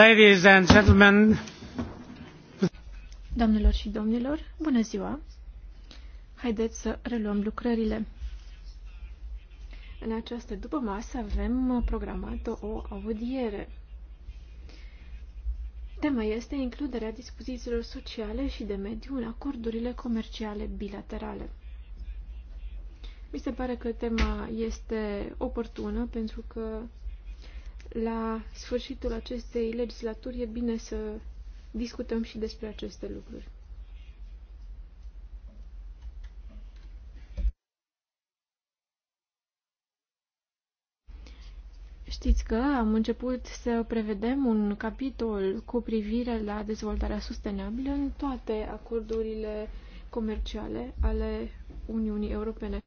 Ladies and gentlemen. Doamnelor și domnilor, bună ziua! Haideți să reluăm lucrările. În această după masă avem programată o audiere. Tema este includerea dispozițiilor sociale și de mediu în acordurile comerciale bilaterale. Mi se pare că tema este oportună pentru că la sfârșitul acestei legislaturi e bine să discutăm și despre aceste lucruri. Știți că am început să prevedem un capitol cu privire la dezvoltarea sustenabilă în toate acordurile comerciale ale Uniunii Europene.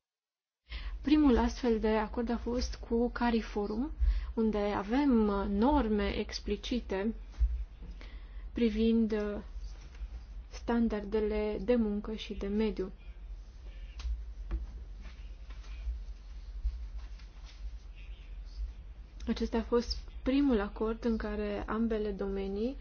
Primul astfel de acord a fost cu CariForum, unde avem uh, norme explicite privind uh, standardele de muncă și de mediu. Acesta a fost primul acord în care ambele domenii,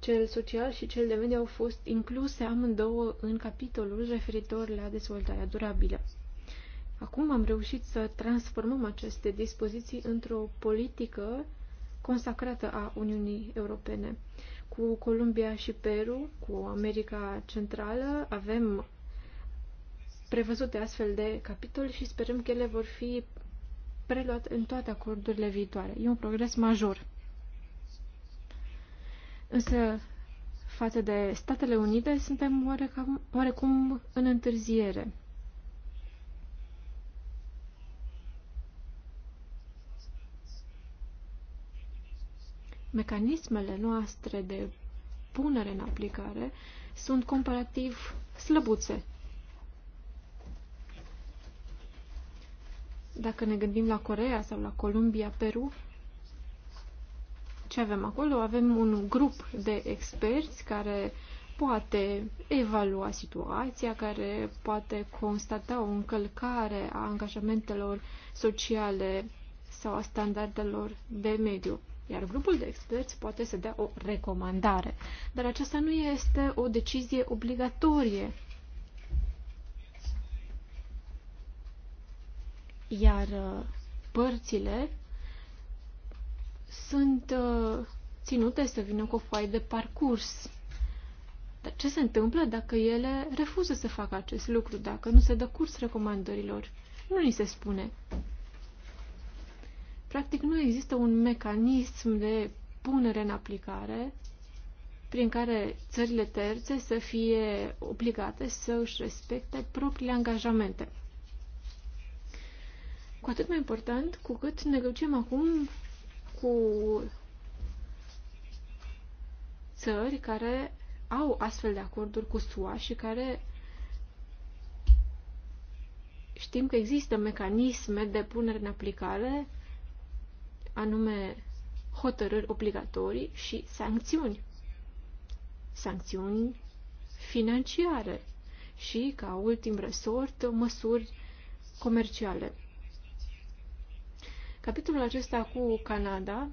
cel social și cel de mediu, au fost incluse amândouă în capitolul referitor la dezvoltarea durabilă. Acum am reușit să transformăm aceste dispoziții într-o politică consacrată a Uniunii Europene. Cu Columbia și Peru, cu America Centrală, avem prevăzute astfel de capitole și sperăm că ele vor fi preluate în toate acordurile viitoare. E un progres major. Însă, față de Statele Unite, suntem oarecum, oarecum în întârziere. mecanismele noastre de punere în aplicare sunt comparativ slăbuțe. Dacă ne gândim la Corea sau la Columbia, Peru, ce avem acolo? Avem un grup de experți care poate evalua situația, care poate constata o încălcare a angajamentelor sociale sau a standardelor de mediu iar grupul de experți poate să dea o recomandare. Dar aceasta nu este o decizie obligatorie. Iar uh, părțile sunt uh, ținute să vină cu o foaie de parcurs. Dar ce se întâmplă dacă ele refuză să facă acest lucru, dacă nu se dă curs recomandărilor? Nu ni se spune. Practic nu există un mecanism de punere în aplicare prin care țările terțe să fie obligate să își respecte propriile angajamente. Cu atât mai important, cu cât negociem acum cu țări care au astfel de acorduri cu SUA și care știm că există mecanisme de punere în aplicare anume hotărâri obligatorii și sancțiuni. Sancțiuni financiare și, ca ultim resort, măsuri comerciale. Capitolul acesta cu Canada,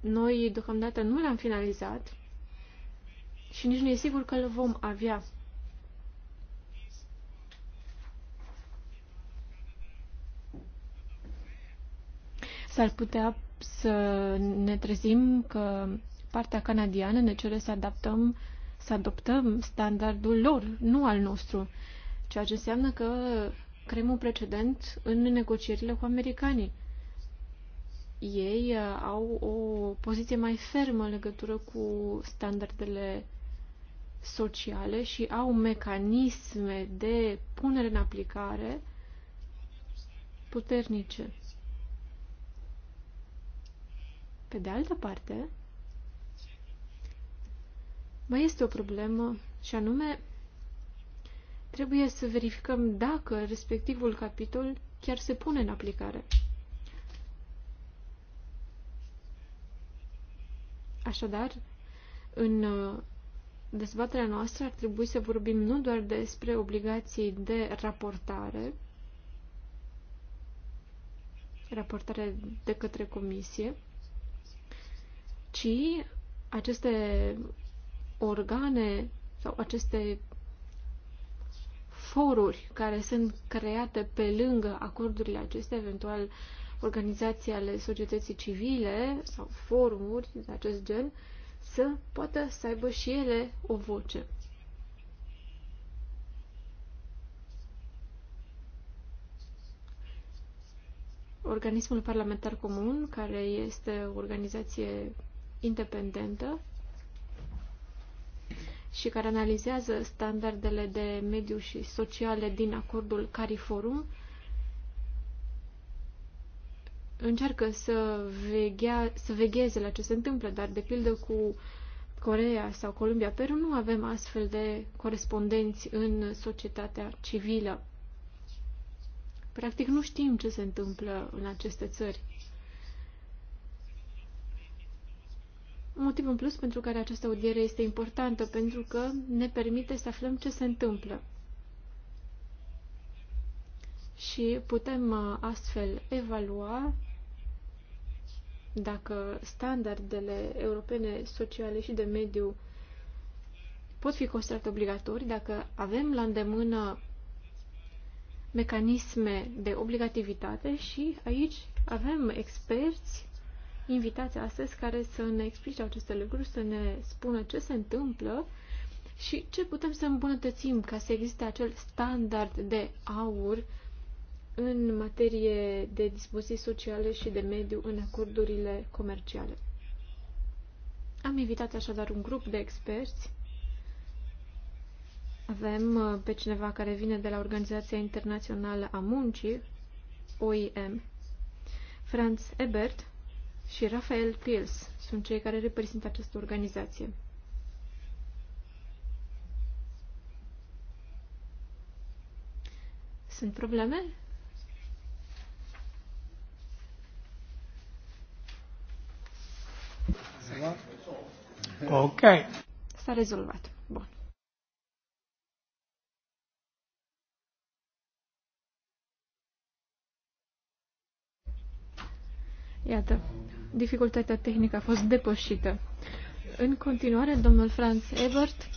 noi deocamdată nu l-am finalizat și nici nu e sigur că îl vom avea S-ar putea să ne trezim că partea canadiană ne cere să adaptăm, să adoptăm standardul lor, nu al nostru, ceea ce înseamnă că creăm un precedent în negocierile cu americanii. Ei uh, au o poziție mai fermă în legătură cu standardele sociale și au mecanisme de punere în aplicare puternice. Pe de altă parte, mai este o problemă și anume trebuie să verificăm dacă respectivul capitol chiar se pune în aplicare. Așadar, în uh, dezbaterea noastră ar trebui să vorbim nu doar despre obligații de raportare, raportare de către comisie, ci aceste organe sau aceste foruri care sunt create pe lângă acordurile acestea, eventual organizații ale societății civile sau forumuri de acest gen, să poată să aibă și ele o voce. Organismul Parlamentar Comun, care este o organizație independentă și care analizează standardele de mediu și sociale din acordul CARIFORUM, încearcă să, veghea, să vegheze la ce se întâmplă, dar de pildă cu Corea sau Columbia, Peru, nu avem astfel de corespondenți în societatea civilă. Practic nu știm ce se întâmplă în aceste țări. Un motiv în plus pentru care această audiere este importantă, pentru că ne permite să aflăm ce se întâmplă. Și putem uh, astfel evalua dacă standardele europene sociale și de mediu pot fi considerate obligatorii, dacă avem la îndemână mecanisme de obligativitate și aici avem experți invitați astăzi care să ne explice aceste lucruri, să ne spună ce se întâmplă și ce putem să îmbunătățim ca să existe acel standard de aur în materie de dispoziții sociale și de mediu în acordurile comerciale. Am invitat așadar un grup de experți. Avem uh, pe cineva care vine de la Organizația Internațională a Muncii, OIM, Franz Ebert, și Rafael Pils sunt cei care reprezintă această organizație. Sunt probleme? Ok. S-a rezolvat. Bun. Iată, dificultatea tehnică a fost depășită. În continuare, domnul Franz Ebert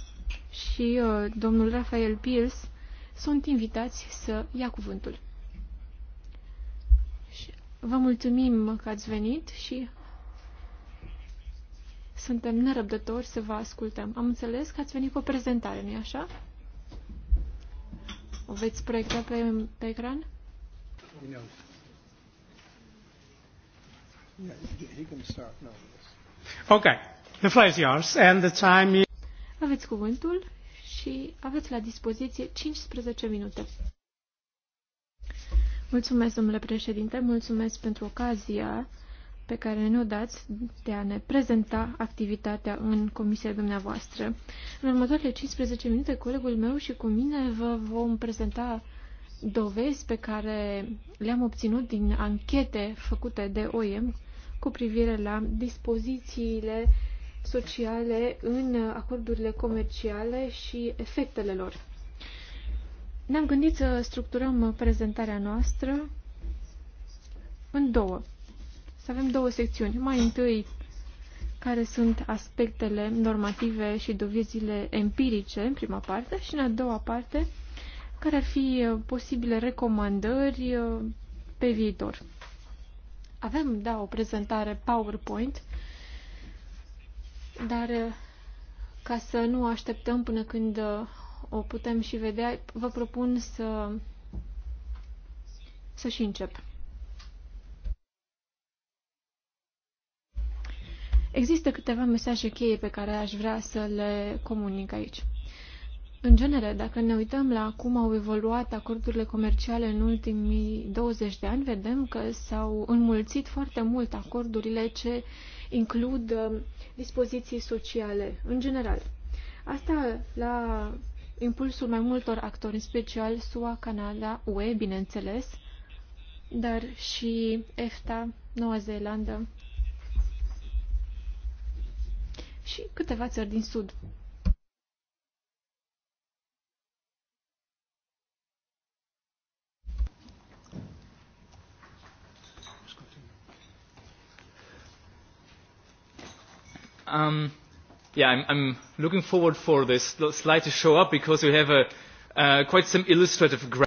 și uh, domnul Rafael Pils sunt invitați să ia cuvântul. Și vă mulțumim că ați venit și suntem nerăbdători să vă ascultăm. Am înțeles că ați venit cu o prezentare, nu-i așa? O veți proiecta pe, pe ecran? Bine. Ok, the floor is yours and the time is... Aveți cuvântul și aveți la dispoziție 15 minute. Mulțumesc, domnule președinte, mulțumesc pentru ocazia pe care ne-o dați de a ne prezenta activitatea în comisia dumneavoastră. În următoarele 15 minute, colegul meu și cu mine vă vom prezenta dovezi pe care le-am obținut din anchete făcute de OIM cu privire la dispozițiile sociale în acordurile comerciale și efectele lor. Ne-am gândit să structurăm prezentarea noastră în două. Să avem două secțiuni. Mai întâi, care sunt aspectele normative și dovezile empirice, în prima parte, și în a doua parte, care ar fi posibile recomandări uh, pe viitor. Avem, da, o prezentare PowerPoint, dar eh, ca să nu așteptăm până când eh, o putem și vedea, vă propun să, să și încep. Există câteva mesaje cheie pe care aș vrea să le comunic aici. În genere, dacă ne uităm la cum au evoluat acordurile comerciale în ultimii 20 de ani, vedem că s-au înmulțit foarte mult acordurile ce includ uh, dispoziții sociale, în general. Asta la impulsul mai multor actori, în special SUA, Canada, UE, bineînțeles, dar și EFTA, Noua Zeelandă și câteva țări din Sud. Um, yeah, I'm, I'm looking forward for this slide to show up because we have a uh, quite some illustrative graph.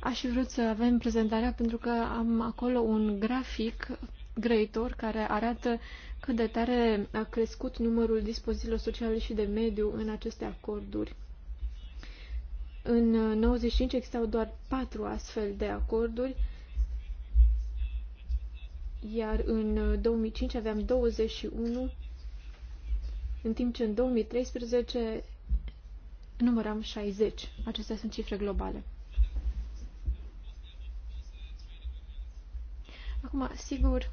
Aș fi vrut să avem prezentarea pentru că am acolo un grafic grăitor care arată cât de tare a crescut numărul dispozițiilor sociale și de mediu în aceste acorduri. În 95 existau doar patru astfel de acorduri, iar în 2005 aveam 21 în timp ce în 2013 număram 60. Acestea sunt cifre globale. Acum, sigur,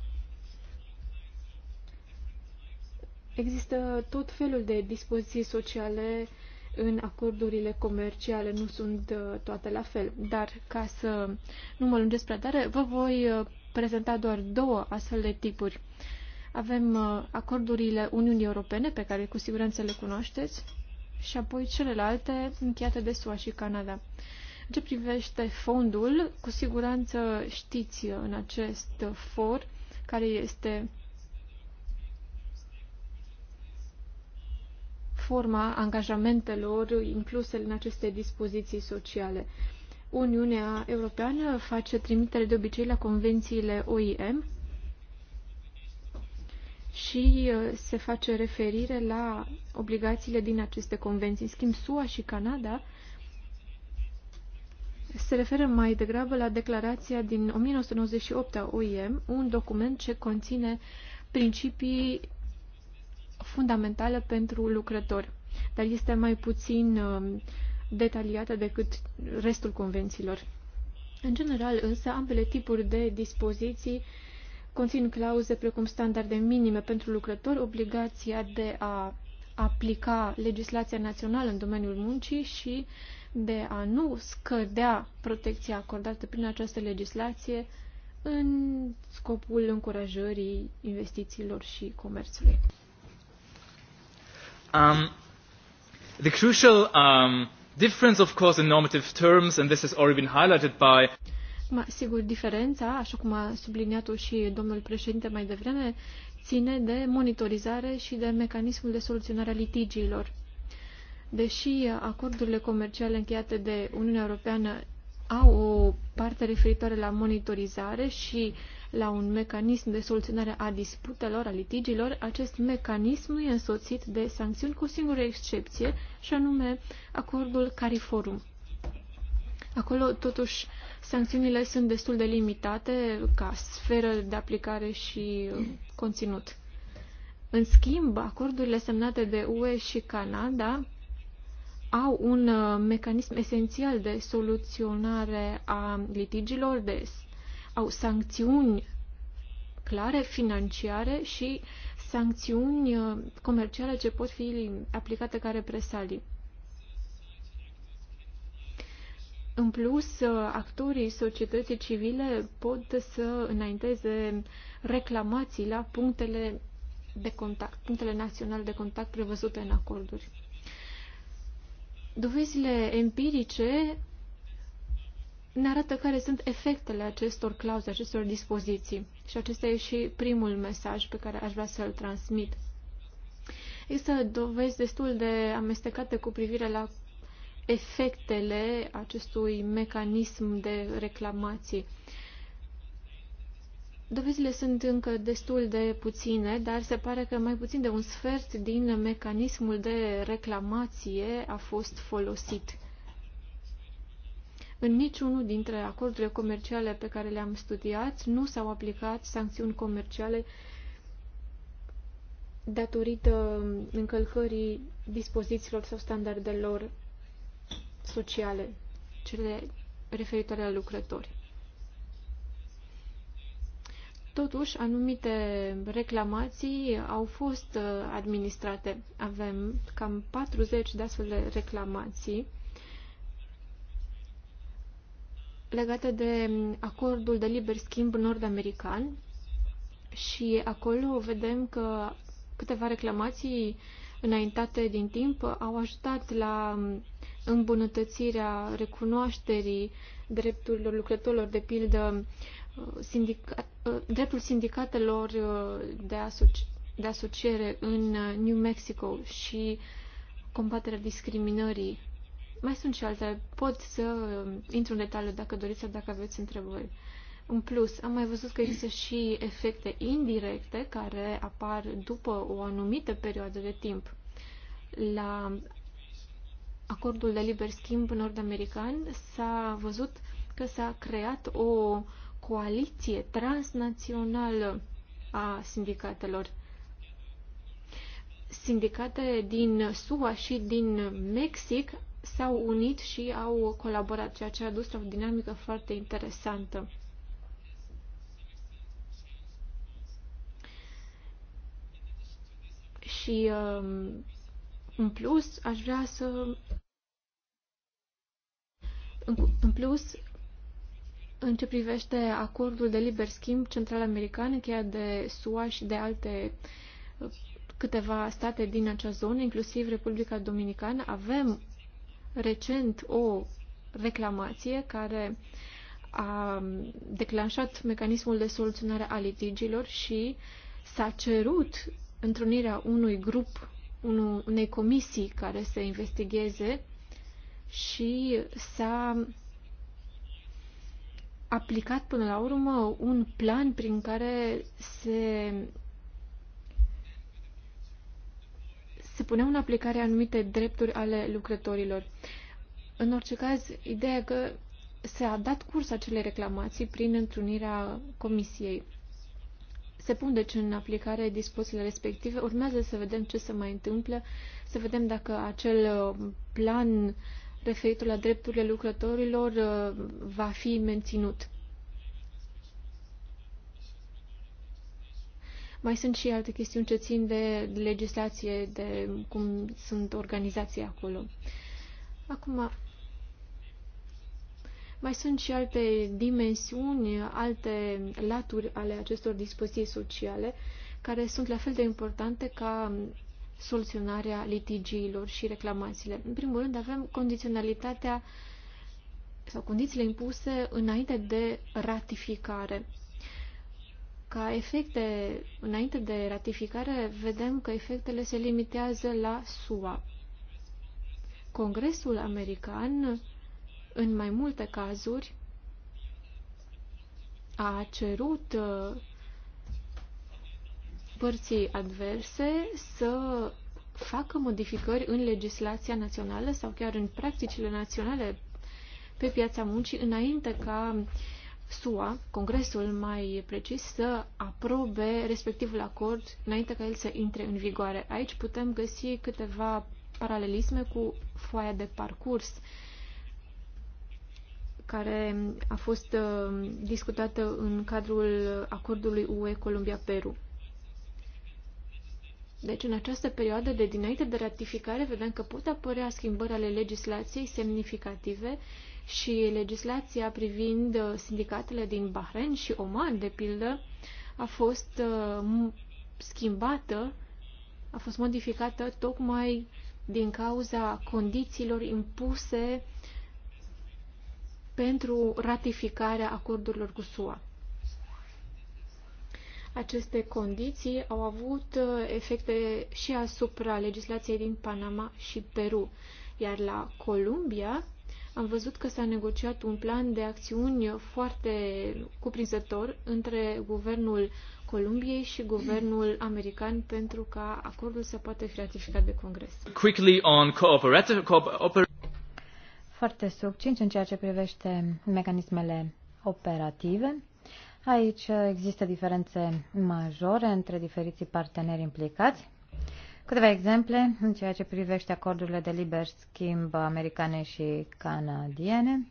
există tot felul de dispoziții sociale în acordurile comerciale, nu sunt uh, toate la fel. Dar ca să nu mă lungesc prea tare, vă voi uh, prezenta doar două astfel de tipuri. Uh, avem uh, acordurile Uniunii Europene, pe care cu siguranță le cunoașteți, și apoi celelalte încheiate de SUA și Canada. În ce privește fondul, cu siguranță știți uh, în acest for care este forma angajamentelor incluse în aceste dispoziții sociale. Uniunea Europeană face trimitere de obicei la convențiile OIM, și uh, se face referire la obligațiile din aceste convenții. În schimb, SUA și Canada se referă mai degrabă la declarația din 1998 a OIM, un document ce conține principii fundamentale pentru lucrători, dar este mai puțin uh, detaliată decât restul convențiilor. În general, însă, ambele tipuri de dispoziții uh, conțin clauze precum standarde minime pentru lucrători, obligația de a aplica legislația națională în domeniul muncii și de a nu scădea protecția acordată prin această legislație în scopul încurajării investițiilor și comerțului. Um, the crucial um, difference, of course, in normative terms, and this has already been highlighted by Sigur, diferența, așa cum a subliniat-o și domnul președinte mai devreme, ține de monitorizare și de mecanismul de soluționare a litigiilor. Deși acordurile comerciale încheiate de Uniunea Europeană au o parte referitoare la monitorizare și la un mecanism de soluționare a disputelor, a litigiilor, acest mecanism nu e însoțit de sancțiuni cu o singură excepție, și anume acordul CARIFORUM. Acolo, totuși, sancțiunile sunt destul de limitate ca sferă de aplicare și uh, conținut. În schimb, acordurile semnate de UE și Canada au un uh, mecanism esențial de soluționare a litigilor, de, au sancțiuni clare, financiare și sancțiuni uh, comerciale ce pot fi aplicate ca represalii. În plus, actorii societății civile pot să înainteze reclamații la punctele de contact, punctele naționale de contact prevăzute în acorduri. Dovezile empirice ne arată care sunt efectele acestor clauze, acestor dispoziții. Și acesta e și primul mesaj pe care aș vrea să-l transmit. Există dovezi destul de amestecate cu privire la efectele acestui mecanism de reclamații. Dovezile sunt încă destul de puține, dar se pare că mai puțin de un sfert din mecanismul de reclamație a fost folosit. În niciunul dintre acordurile comerciale pe care le-am studiat nu s-au aplicat sancțiuni comerciale datorită încălcării dispozițiilor sau standardelor sociale, cele referitoare la lucrători. Totuși, anumite reclamații au fost uh, administrate. Avem cam 40 de astfel de reclamații legate de acordul de liber schimb nord-american și acolo vedem că câteva reclamații uh, înaintate din timp au ajutat la îmbunătățirea recunoașterii drepturilor lucrătorilor, de pildă sindica, dreptul sindicatelor uh, de, asoci, de asociere în uh, New Mexico și combaterea discriminării. Mai sunt și alte. Pot să uh, intru în detaliu dacă doriți sau dacă aveți întrebări. În plus, am mai văzut că există și efecte indirecte care apar după o anumită perioadă de timp. La acordul de liber schimb nord-american s-a văzut că s-a creat o coaliție transnațională a sindicatelor. Sindicate din SUA și din Mexic s-au unit și au colaborat, ceea ce a la o dinamică foarte interesantă. Și um, în plus, aș vrea să... În plus, în ce privește acordul de liber schimb central american încheiat de SUA și de alte uh, câteva state din acea zonă, inclusiv Republica Dominicană, avem recent o reclamație care a declanșat mecanismul de soluționare a litigilor și s-a cerut întrunirea unui grup, unu, unei comisii care să investigheze și s-a aplicat până la urmă un plan prin care se se puneau în aplicare anumite drepturi ale lucrătorilor. În orice caz, ideea că se a dat curs acele reclamații prin întrunirea comisiei se pun deci în aplicare dispozițiile respective. Urmează să vedem ce se mai întâmplă, să vedem dacă acel uh, plan referitor la drepturile lucrătorilor uh, va fi menținut. Mai sunt și alte chestiuni ce țin de legislație, de cum sunt organizații acolo. Acum, mai sunt și alte dimensiuni, alte laturi ale acestor dispoziții sociale care sunt la fel de importante ca soluționarea litigiilor și reclamațiile. În primul rând avem condiționalitatea sau condițiile impuse înainte de ratificare. Ca efecte, înainte de ratificare, vedem că efectele se limitează la SUA. Congresul american în mai multe cazuri a cerut uh, părții adverse să facă modificări în legislația națională sau chiar în practicile naționale pe piața muncii înainte ca SUA, Congresul mai precis, să aprobe respectivul acord înainte ca el să intre în vigoare. Aici putem găsi câteva paralelisme cu foaia de parcurs care a fost uh, discutată în cadrul acordului UE Columbia-Peru. Deci, în această perioadă de dinainte de ratificare, vedem că pot apărea schimbări ale legislației semnificative și legislația privind uh, sindicatele din Bahrain și Oman, de pildă, a fost uh, schimbată, a fost modificată tocmai din cauza condițiilor impuse uh, pentru ratificarea acordurilor cu SUA. Aceste condiții au avut uh, efecte și asupra legislației din Panama și Peru, iar la Columbia am văzut că s-a negociat un plan de acțiuni foarte cuprinzător între guvernul Columbiei și guvernul american pentru ca acordul să poată fi ratificat de Congres. Quickly on cooperative, cooperative foarte succinți în ceea ce privește mecanismele operative. Aici există diferențe majore între diferiții parteneri implicați. Câteva exemple în ceea ce privește acordurile de liber schimb americane și canadiene,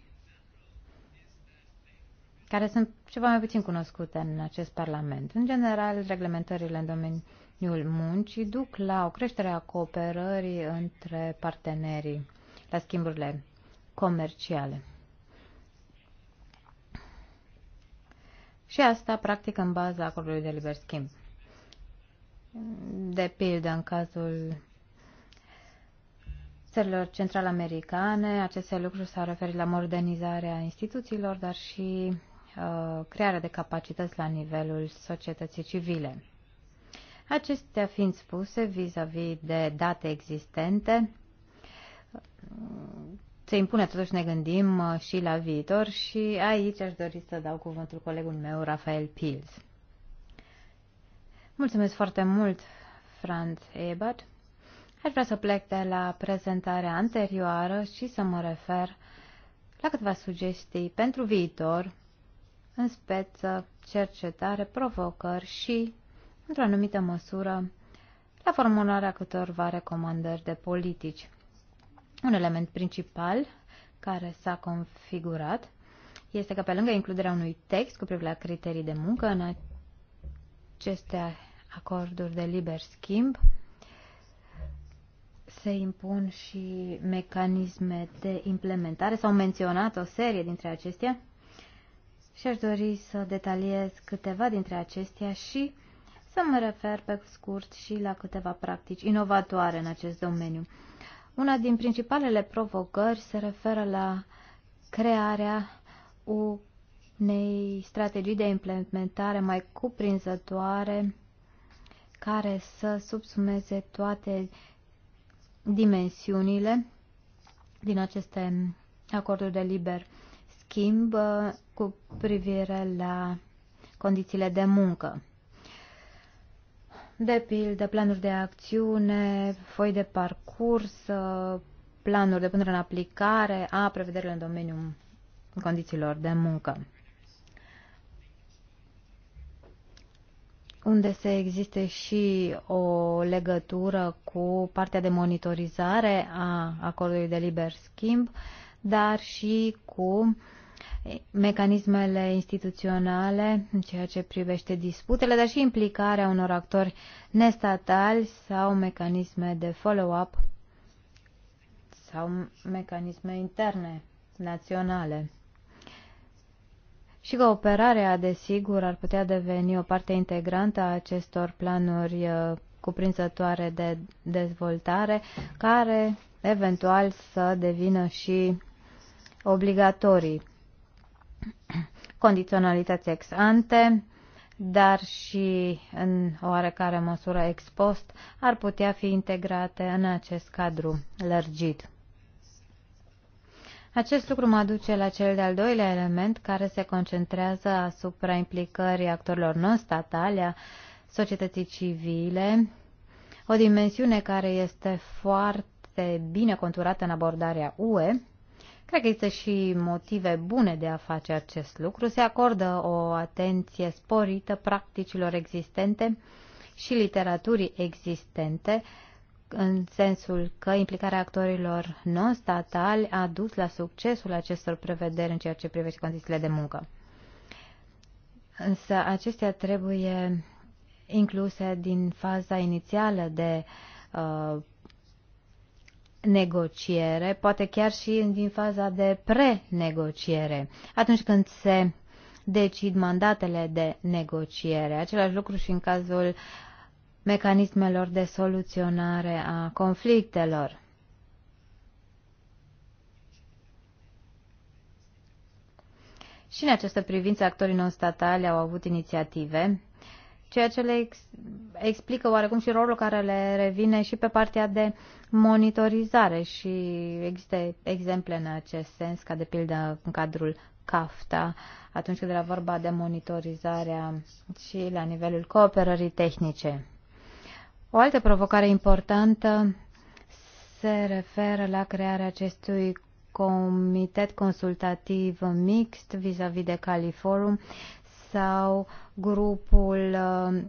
care sunt ceva mai puțin cunoscute în acest Parlament. În general, reglementările în domeniul muncii duc la o creștere a cooperării între partenerii la schimburile comerciale. Și asta, practic, în baza acordului de liber schimb. De pildă, în cazul țărilor central-americane, aceste lucruri s-au referit la modernizarea instituțiilor, dar și uh, crearea de capacități la nivelul societății civile. Acestea fiind spuse vis-a-vis -vis de date existente, se impune totuși ne gândim uh, și la viitor și aici aș dori să dau cuvântul colegul meu, Rafael Pils. Mulțumesc foarte mult, Franz Ebert. Aș vrea să plec de la prezentarea anterioară și să mă refer la câteva sugestii pentru viitor, în speță, cercetare, provocări și, într-o anumită măsură, la formularea câtorva recomandări de politici. Un element principal care s-a configurat este că pe lângă includerea unui text cu privire la criterii de muncă în aceste acorduri de liber schimb, se impun și mecanisme de implementare. S-au menționat o serie dintre acestea și aș dori să detaliez câteva dintre acestea și să mă refer pe scurt și la câteva practici inovatoare în acest domeniu. Una din principalele provocări se referă la crearea unei strategii de implementare mai cuprinzătoare care să subsumeze toate dimensiunile din aceste acorduri de liber schimb uh, cu privire la condițiile de muncă de pildă, planuri de acțiune, foi de parcurs, planuri de punere în aplicare a prevederilor în domeniul condițiilor de muncă. unde se existe și o legătură cu partea de monitorizare a acordului de liber schimb, dar și cu mecanismele instituționale în ceea ce privește disputele, dar și implicarea unor actori nestatali sau mecanisme de follow-up sau mecanisme interne naționale. Și cooperarea, desigur, ar putea deveni o parte integrantă a acestor planuri uh, cuprinzătoare de dezvoltare, care eventual să devină și obligatorii condiționalități ex ante, dar și în oarecare măsură ex post, ar putea fi integrate în acest cadru lărgit. Acest lucru mă duce la cel de-al doilea element care se concentrează asupra implicării actorilor non-statale, a societății civile, o dimensiune care este foarte bine conturată în abordarea UE, Cred că există și motive bune de a face acest lucru. Se acordă o atenție sporită practicilor existente și literaturii existente, în sensul că implicarea actorilor non-statali a dus la succesul acestor prevederi în ceea ce privește condițiile de muncă. Însă acestea trebuie incluse din faza inițială de uh, negociere, poate chiar și din faza de pre-negociere, atunci când se decid mandatele de negociere. Același lucru și în cazul mecanismelor de soluționare a conflictelor. Și în această privință, actorii non-statali au avut inițiative ceea ce le ex- explică oarecum și rolul care le revine și pe partea de monitorizare și există exemple în acest sens, ca de pildă în cadrul CAFTA, atunci când era vorba de monitorizarea și la nivelul cooperării tehnice. O altă provocare importantă se referă la crearea acestui comitet consultativ mixt vis-a-vis -vis de Califorum sau grupul uh,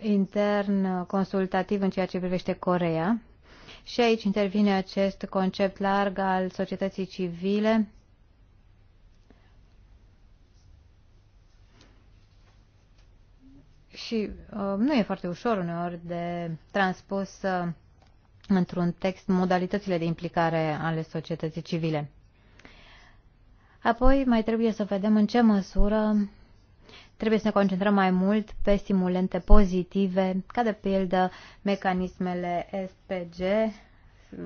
intern consultativ în ceea ce privește Corea. Și aici intervine acest concept larg al societății civile. Și uh, nu e foarte ușor uneori de transpus uh, într-un text modalitățile de implicare ale societății civile. Apoi mai trebuie să vedem în ce măsură trebuie să ne concentrăm mai mult pe stimulente pozitive, ca de pildă mecanismele SPG.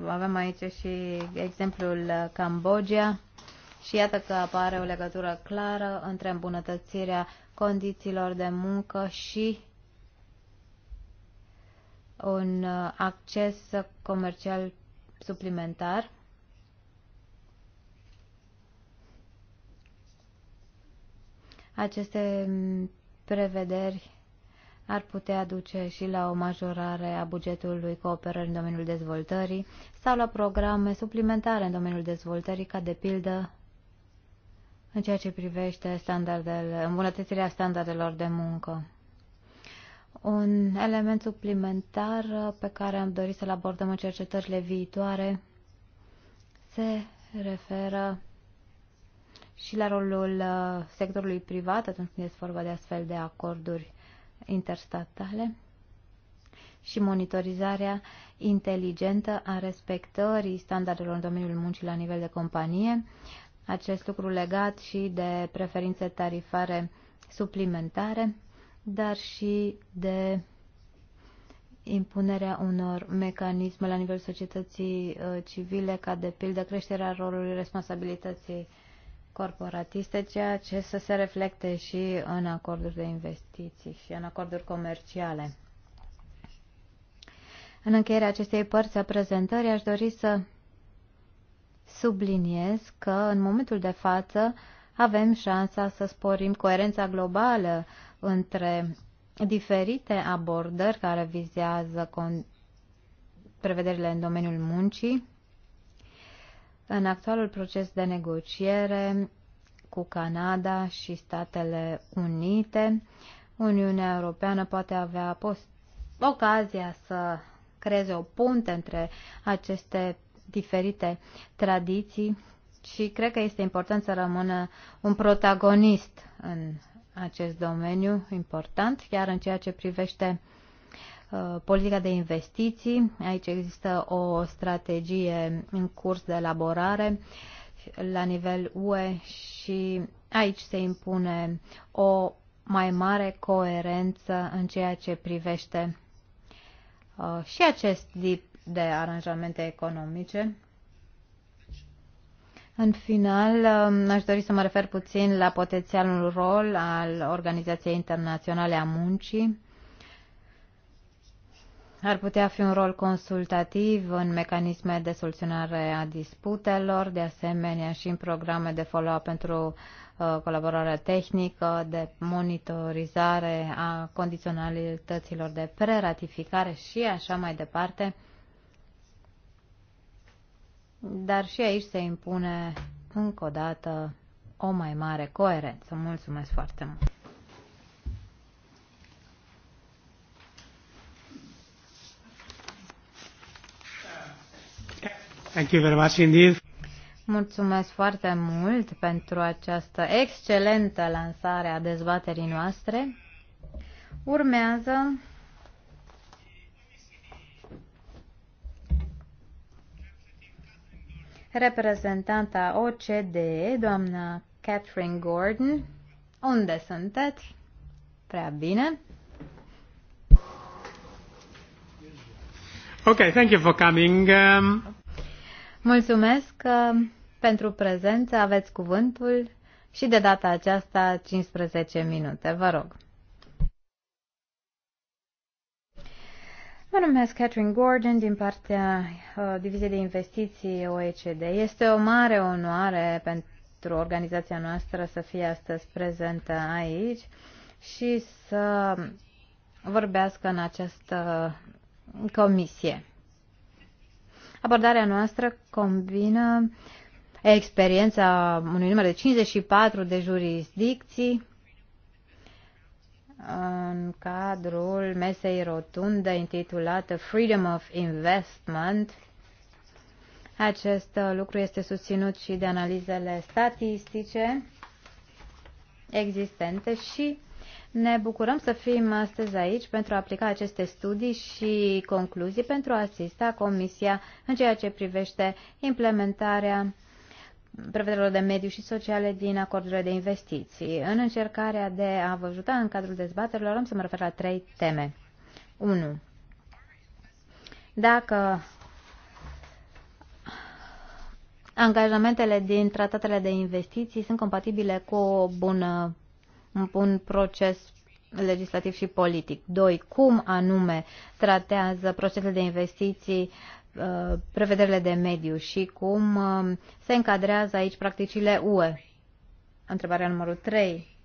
Avem aici și exemplul Cambodgia. Și iată că apare o legătură clară între îmbunătățirea condițiilor de muncă și un acces comercial suplimentar. Aceste mm, prevederi ar putea duce și la o majorare a bugetului cooperării în domeniul dezvoltării sau la programe suplimentare în domeniul dezvoltării, ca de pildă în ceea ce privește standardele, îmbunătățirea standardelor de muncă. Un element suplimentar pe care am dorit să-l abordăm în cercetările viitoare se referă și la rolul uh, sectorului privat atunci când este vorba de astfel de acorduri interstatale și monitorizarea inteligentă a respectării standardelor în domeniul muncii la nivel de companie, acest lucru legat și de preferințe tarifare suplimentare, dar și de impunerea unor mecanisme la nivelul societății uh, civile, ca de pildă creșterea rolului responsabilității corporatiste, ceea ce să se reflecte și în acorduri de investiții și în acorduri comerciale. În încheierea acestei părți a prezentării aș dori să subliniez că în momentul de față avem șansa să sporim coerența globală între diferite abordări care vizează prevederile în domeniul muncii, în actualul proces de negociere cu Canada și Statele Unite, Uniunea Europeană poate avea ocazia să creeze o punte între aceste diferite tradiții și cred că este important să rămână un protagonist în acest domeniu important, chiar în ceea ce privește Uh, politica de investiții. Aici există o strategie în curs de elaborare la nivel UE și aici se impune o mai mare coerență în ceea ce privește uh, și acest tip de aranjamente economice. În final, um, aș dori să mă refer puțin la potențialul rol al Organizației Internaționale a Muncii ar putea fi un rol consultativ în mecanisme de soluționare a disputelor, de asemenea și în programe de follow-up pentru uh, colaborarea tehnică, de monitorizare a condiționalităților de preratificare și așa mai departe. Dar și aici se impune încă o dată o mai mare coerență. Mulțumesc foarte mult! Thank you very much indeed. Mulțumesc foarte mult pentru această excelentă lansare a dezbaterii noastre. Urmează reprezentanta OCDE, doamna Catherine Gordon. Unde sunteți? Prea bine. Okay, thank you for coming. Um... Mulțumesc uh, pentru prezență. Aveți cuvântul și de data aceasta 15 minute. Vă rog. Mă numesc Catherine Gordon din partea uh, Diviziei de Investiții OECD. Este o mare onoare pentru organizația noastră să fie astăzi prezentă aici și să vorbească în această comisie. Abordarea noastră combină experiența unui număr de 54 de jurisdicții în cadrul mesei rotunde intitulată Freedom of Investment. Acest lucru este susținut și de analizele statistice existente și ne bucurăm să fim astăzi aici pentru a aplica aceste studii și concluzii pentru a asista Comisia în ceea ce privește implementarea prevederilor de mediu și sociale din acordurile de investiții. În încercarea de a vă ajuta în cadrul dezbaterilor, am să mă refer la trei teme. 1. Dacă angajamentele din tratatele de investiții sunt compatibile cu o bună un bun proces legislativ și politic. Doi Cum anume tratează procesele de investiții uh, prevederile de mediu și cum uh, se încadrează aici practicile UE. Întrebarea numărul 3.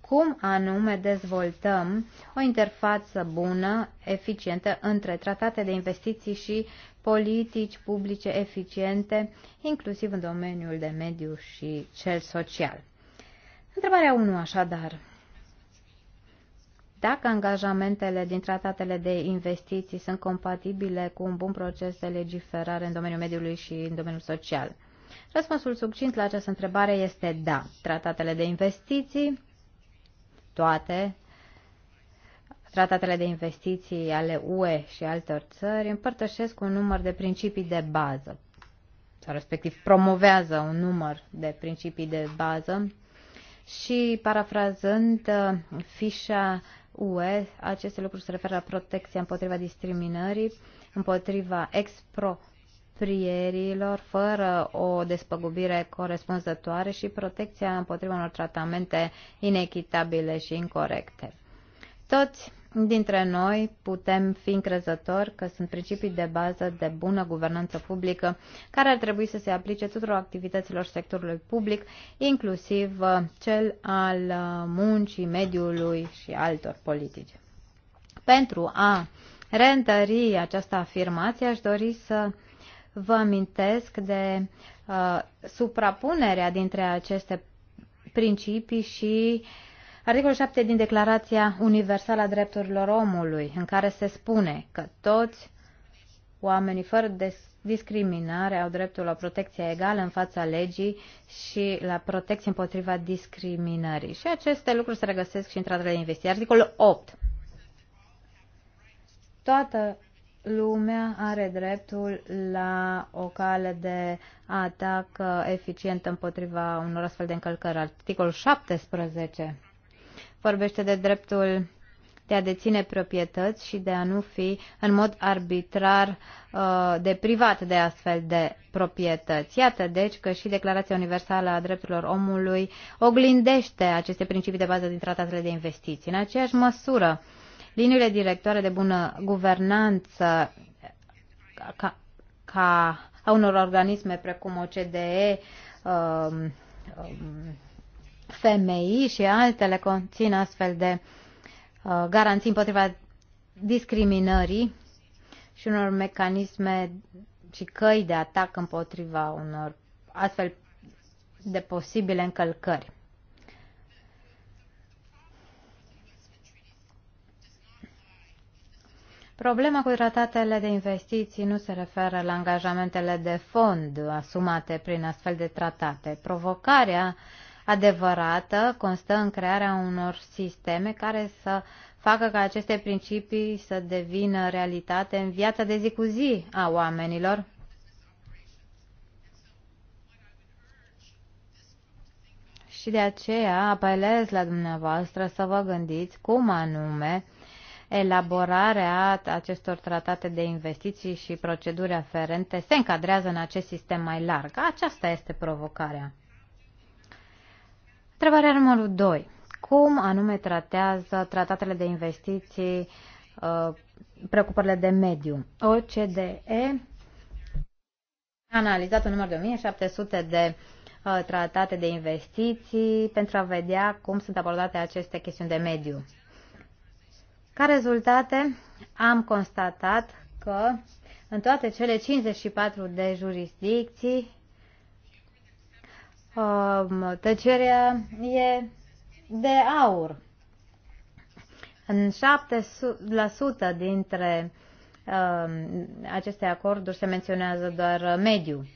Cum anume dezvoltăm o interfață bună, eficientă între tratate de investiții și politici publice eficiente, inclusiv în domeniul de mediu și cel social? Întrebarea 1, așadar. Dacă angajamentele din tratatele de investiții sunt compatibile cu un bun proces de legiferare în domeniul mediului și în domeniul social? Răspunsul succint la această întrebare este da. Tratatele de investiții, toate tratatele de investiții ale UE și altor țări împărtășesc un număr de principii de bază, sau respectiv promovează un număr de principii de bază și parafrazând uh, fișa UE, aceste lucruri se referă la protecția împotriva discriminării, împotriva exproprierilor, fără o despăgubire corespunzătoare și protecția împotriva unor tratamente inechitabile și incorrecte. Toți dintre noi putem fi încrezători că sunt principii de bază de bună guvernanță publică care ar trebui să se aplice tuturor activităților sectorului public, inclusiv uh, cel al uh, muncii, mediului și altor politici. Pentru a reîntări această afirmație, aș dori să vă amintesc de uh, suprapunerea dintre aceste principii și uh, Articolul 7 din Declarația Universală a Drepturilor Omului, în care se spune că toți oamenii fără discriminare au dreptul la protecție egală în fața legii și la protecție împotriva discriminării. Și aceste lucruri se regăsesc și în tratatul de investiții. Articolul 8. Toată lumea are dreptul la o cale de atac eficientă împotriva unor astfel de încălcări. Articolul 17 vorbește de dreptul de a deține proprietăți și de a nu fi în mod arbitrar uh, deprivat de astfel de proprietăți. Iată deci că și Declarația Universală a Drepturilor Omului oglindește aceste principii de bază din tratatele de investiții. În aceeași măsură, liniile directoare de bună guvernanță ca, ca a unor organisme precum OCDE, uh, um, uh, um, FMI și altele conțin astfel de uh, garanții împotriva discriminării și unor mecanisme și căi de atac împotriva unor astfel de posibile încălcări. Problema cu tratatele de investiții nu se referă la angajamentele de fond asumate prin astfel de tratate. Provocarea uh, adevărată constă în crearea unor sisteme care să facă ca aceste principii să devină realitate în viața de zi cu zi a oamenilor. Și de aceea apelez la dumneavoastră să vă gândiți cum anume elaborarea acestor tratate de investiții și proceduri aferente se încadrează în acest sistem mai larg. Aceasta este provocarea. Întrebarea numărul 2. Cum anume tratează tratatele de investiții uh, preocupările de mediu? OCDE a analizat un număr de 1700 de uh, tratate de investiții pentru a vedea cum sunt abordate aceste chestiuni de mediu. Ca rezultate, am constatat că în toate cele 54 de jurisdicții Um, tăcerea e de aur. În 7% dintre um, aceste acorduri se menționează doar mediu.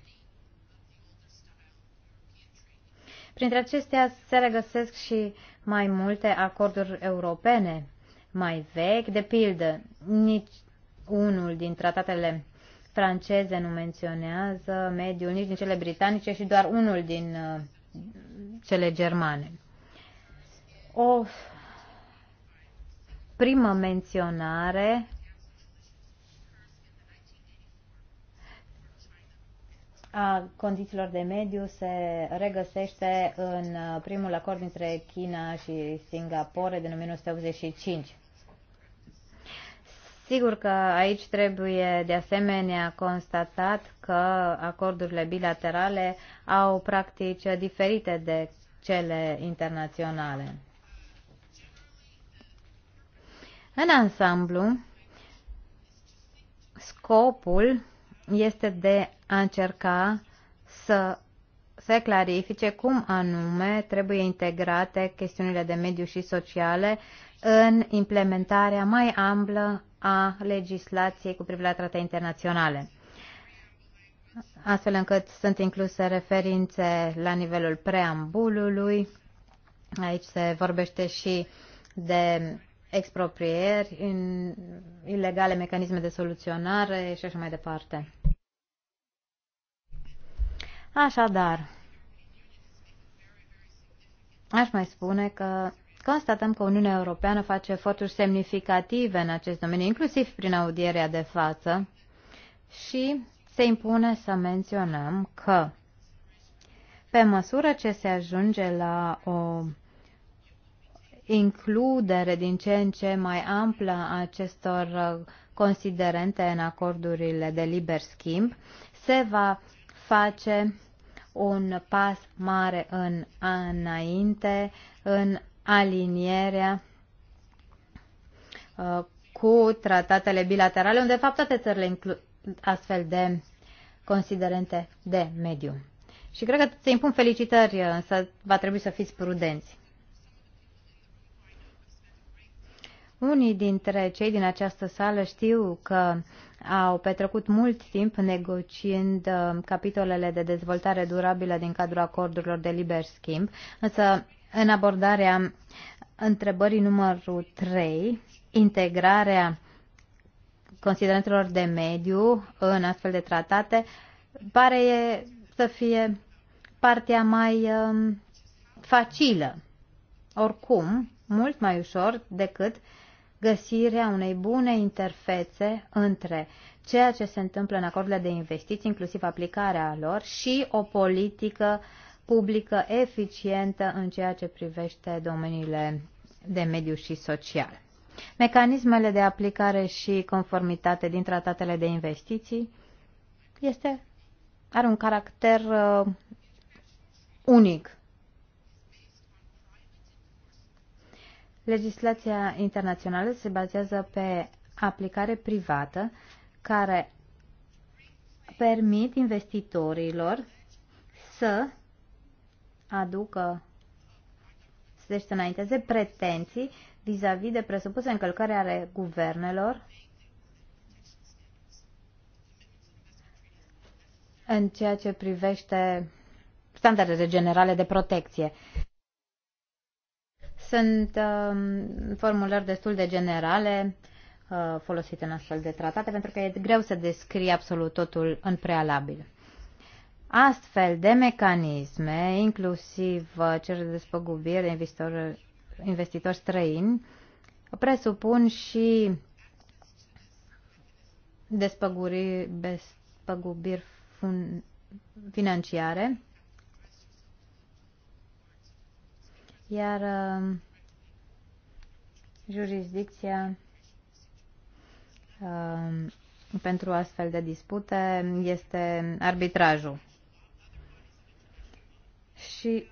Printre acestea se regăsesc și mai multe acorduri europene mai vechi, de pildă, nici unul din tratatele franceze nu menționează mediul nici din cele britanice și doar unul din uh, cele germane. O primă menționare a condițiilor de mediu se regăsește în uh, primul acord dintre China și Singapore din 1985. Sigur că aici trebuie de asemenea constatat că acordurile bilaterale au practici diferite de cele internaționale. În ansamblu, scopul este de a încerca să se clarifice cum anume trebuie integrate chestiunile de mediu și sociale în implementarea mai amplă a legislației cu privire la trate internaționale, astfel încât sunt incluse referințe la nivelul preambulului. Aici se vorbește și de exproprieri în ilegale, mecanisme de soluționare și așa mai departe. Așadar, aș mai spune că Constatăm că Uniunea Europeană face eforturi semnificative în acest domeniu, inclusiv prin audierea de față și se impune să menționăm că pe măsură ce se ajunge la o includere din ce în ce mai amplă a acestor considerente în acordurile de liber schimb, se va face un pas mare în, înainte în alinierea uh, cu tratatele bilaterale, unde, de fapt, toate țările includ astfel de considerente de mediu. Și cred că se impun felicitări, uh, însă va trebui să fiți prudenți. Unii dintre cei din această sală știu că au petrecut mult timp negociind uh, capitolele de dezvoltare durabilă din cadrul acordurilor de liber schimb, însă în abordarea întrebării numărul 3, integrarea considerentelor de mediu în astfel de tratate, pare să fie partea mai um, facilă, oricum, mult mai ușor decât găsirea unei bune interfețe între ceea ce se întâmplă în acordurile de investiții, inclusiv aplicarea lor, și o politică uh, publică eficientă în ceea ce privește domeniile de mediu și social. Mecanismele de aplicare și conformitate din tratatele de investiții este, are un caracter uh, unic. Legislația internațională se bazează pe aplicare privată care permit investitorilor să aducă deci să înainteze pretenții vis-a-vis -vis de presupuse încălcări ale guvernelor în ceea ce privește standardele generale de protecție. Sunt uh, formulări destul de generale uh, folosite în astfel de tratate, pentru că e greu să descrie absolut totul în prealabil. Astfel de mecanisme, inclusiv uh, cel de despăgubire de investitori, străini, presupun și despăgubiri financiare, iar uh, jurisdicția uh, pentru astfel de dispute este arbitrajul și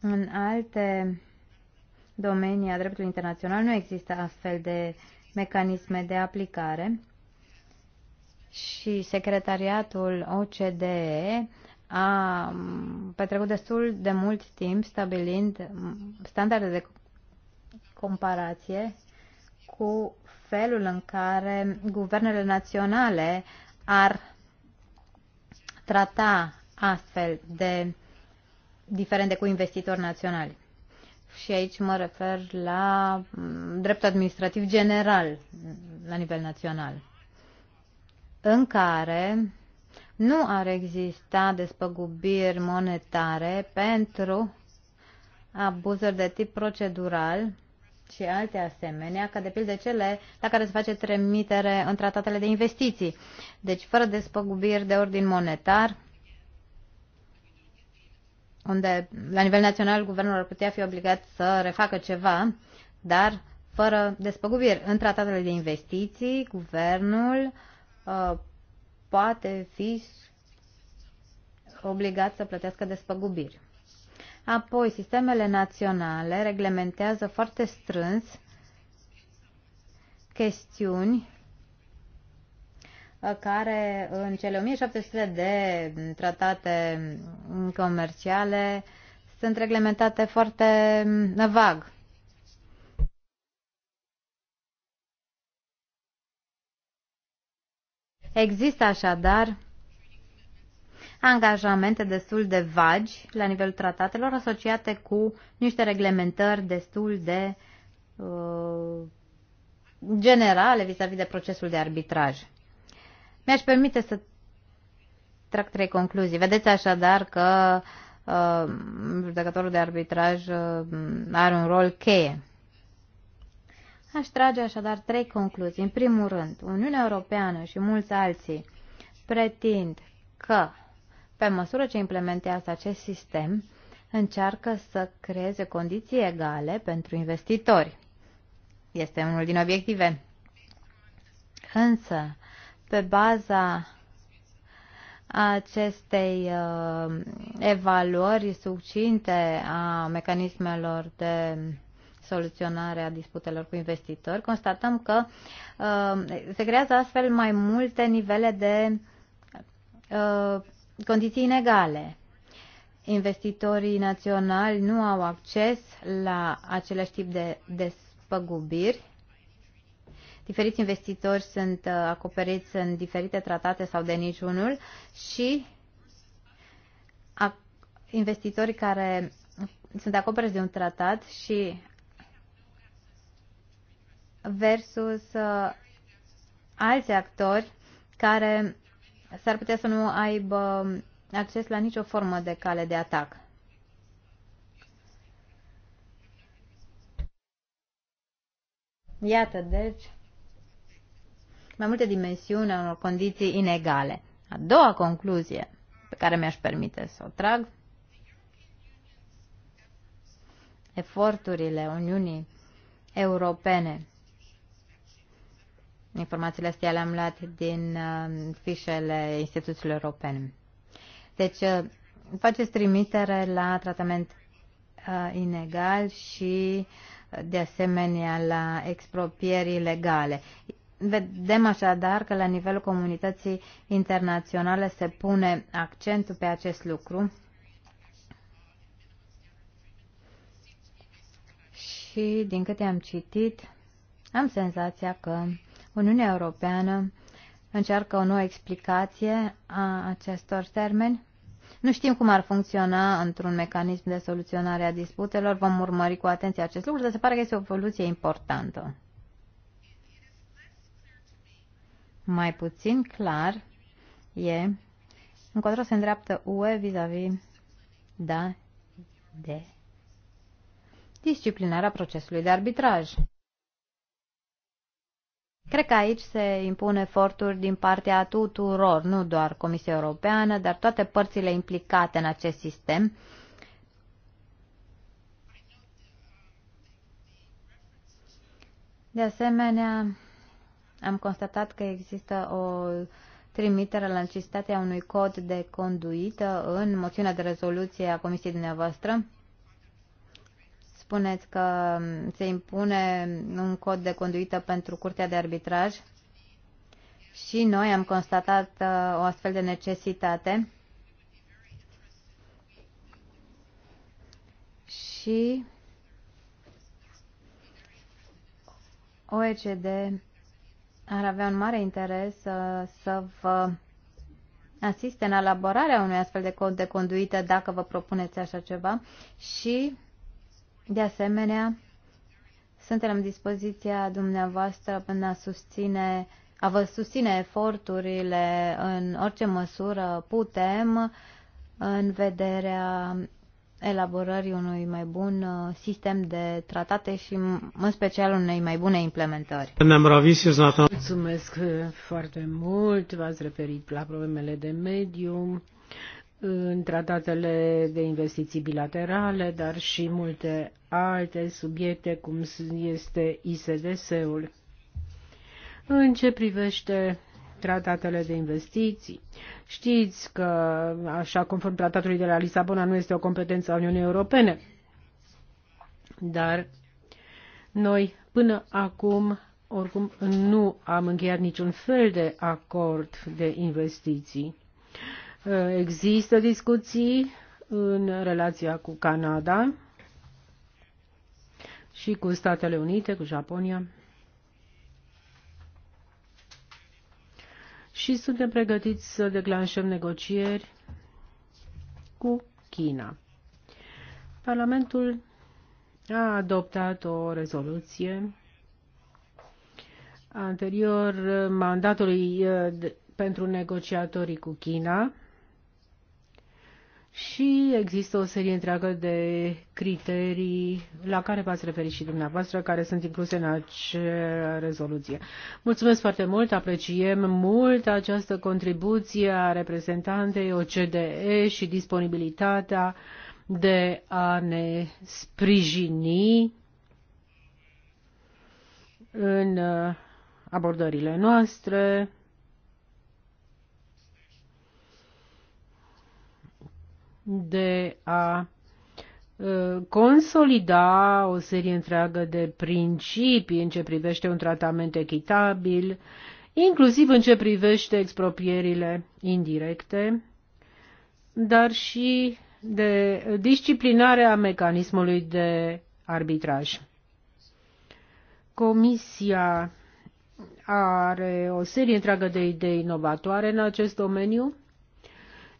în alte domenii a dreptului internațional nu există astfel de mecanisme de aplicare și secretariatul OCDE a petrecut destul de mult timp stabilind standarde de comparație cu felul în care guvernele naționale ar trata astfel de diferente cu investitori naționali. Și aici mă refer la mm, dreptul administrativ general mm, la nivel național, în care nu ar exista despăgubiri monetare pentru abuzuri de tip procedural și alte asemenea, ca de pildă cele la care se face trimitere în tratatele de investiții. Deci, fără despăgubiri de ordin monetar, unde la nivel național guvernul ar putea fi obligat să refacă ceva, dar fără despăgubiri. În tratatele de investiții, guvernul uh, poate fi obligat să plătească despăgubiri. Apoi, sistemele naționale reglementează foarte strâns chestiuni care în cele 1700 de tratate comerciale sunt reglementate foarte mm, vag. Există așadar angajamente destul de vagi la nivelul tratatelor asociate cu niște reglementări destul de uh, generale vis-a-vis -vis de procesul de arbitraj. Mi-aș permite să trag trei concluzii. Vedeți așadar că uh, judecătorul de arbitraj uh, are un rol cheie. Aș trage așadar trei concluzii. În primul rând, Uniunea Europeană și mulți alții pretind că, pe măsură ce implementează acest sistem, încearcă să creeze condiții egale pentru investitori. Este unul din obiective. Însă, pe baza acestei uh, evaluări succinte a mecanismelor de soluționare a disputelor cu investitori, constatăm că uh, se creează astfel mai multe nivele de uh, condiții inegale. Investitorii naționali nu au acces la același tip de despăgubiri diferiți investitori sunt uh, acoperiți în diferite tratate sau de niciunul și investitorii care sunt acoperiți de un tratat și versus uh, alți actori care s-ar putea să nu aibă acces la nicio formă de cale de atac. Iată, deci, mai multe dimensiuni a unor condiții inegale. A doua concluzie pe care mi-aș permite să o trag, eforturile Uniunii Europene. Informațiile astea le-am luat din uh, fișele instituțiilor europene. Deci, uh, faceți trimitere la tratament uh, inegal și uh, de asemenea la expropieri ilegale. Vedem așadar că la nivelul comunității internaționale se pune accentul pe acest lucru și din câte am citit, am senzația că Uniunea Europeană încearcă o nouă explicație a acestor termeni. Nu știm cum ar funcționa într-un mecanism de soluționare a disputelor, vom urmări cu atenție acest lucru, dar se pare că este o evoluție importantă. mai puțin clar e încotro se îndreaptă UE vis-a-vis da, de disciplinarea procesului de arbitraj. Cred că aici se impun eforturi din partea tuturor, nu doar Comisia Europeană, dar toate părțile implicate în acest sistem. De asemenea, am constatat că există o trimitere la necesitatea unui cod de conduită în moțiunea de rezoluție a comisiei dumneavoastră. Spuneți că se impune un cod de conduită pentru Curtea de Arbitraj și noi am constatat uh, o astfel de necesitate. Și OECD ar avea un mare interes uh, să vă asiste în elaborarea unui astfel de cod de conduită dacă vă propuneți așa ceva și, de asemenea, suntem la dispoziția dumneavoastră până a susține a vă susține eforturile în orice măsură putem în vederea elaborării unui mai bun uh, sistem de tratate și în special unei mai bune implementări. Mulțumesc uh, foarte mult, v-ați referit la problemele de mediu uh, în tratatele de investiții bilaterale, dar și multe alte subiecte, cum este ISDS-ul. În ce privește tratatele de investiții. Știți că, așa conform tratatului de la Lisabona, nu este o competență a Uniunii Europene, dar noi până acum oricum nu am încheiat niciun fel de acord de investiții. Există discuții în relația cu Canada și cu Statele Unite, cu Japonia. și suntem pregătiți să declanșăm negocieri cu China. Parlamentul a adoptat o rezoluție anterior mandatului eh, pentru negociatorii cu China și există o serie întreagă de criterii la care v-ați referit și dumneavoastră, care sunt incluse în acea rezoluție. Mulțumesc foarte mult, apreciem mult această contribuție a reprezentantei OCDE și disponibilitatea de a ne sprijini în abordările noastre. de a uh, consolida o serie întreagă de principii în ce privește un tratament echitabil, inclusiv în ce privește expropierile indirecte, dar și de disciplinarea mecanismului de arbitraj. Comisia are o serie întreagă de idei inovatoare în acest domeniu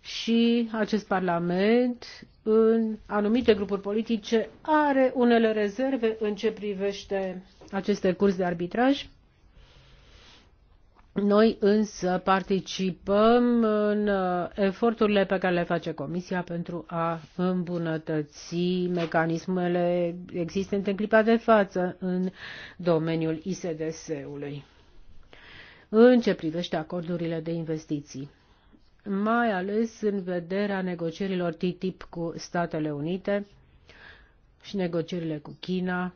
și acest Parlament în anumite grupuri politice are unele rezerve în ce privește aceste curs de arbitraj. Noi însă participăm în uh, eforturile pe care le face Comisia pentru a îmbunătăți mecanismele existente în clipa de față în domeniul ISDS-ului. În ce privește acordurile de investiții mai ales în vederea negocierilor TTIP cu Statele Unite și negocierile cu China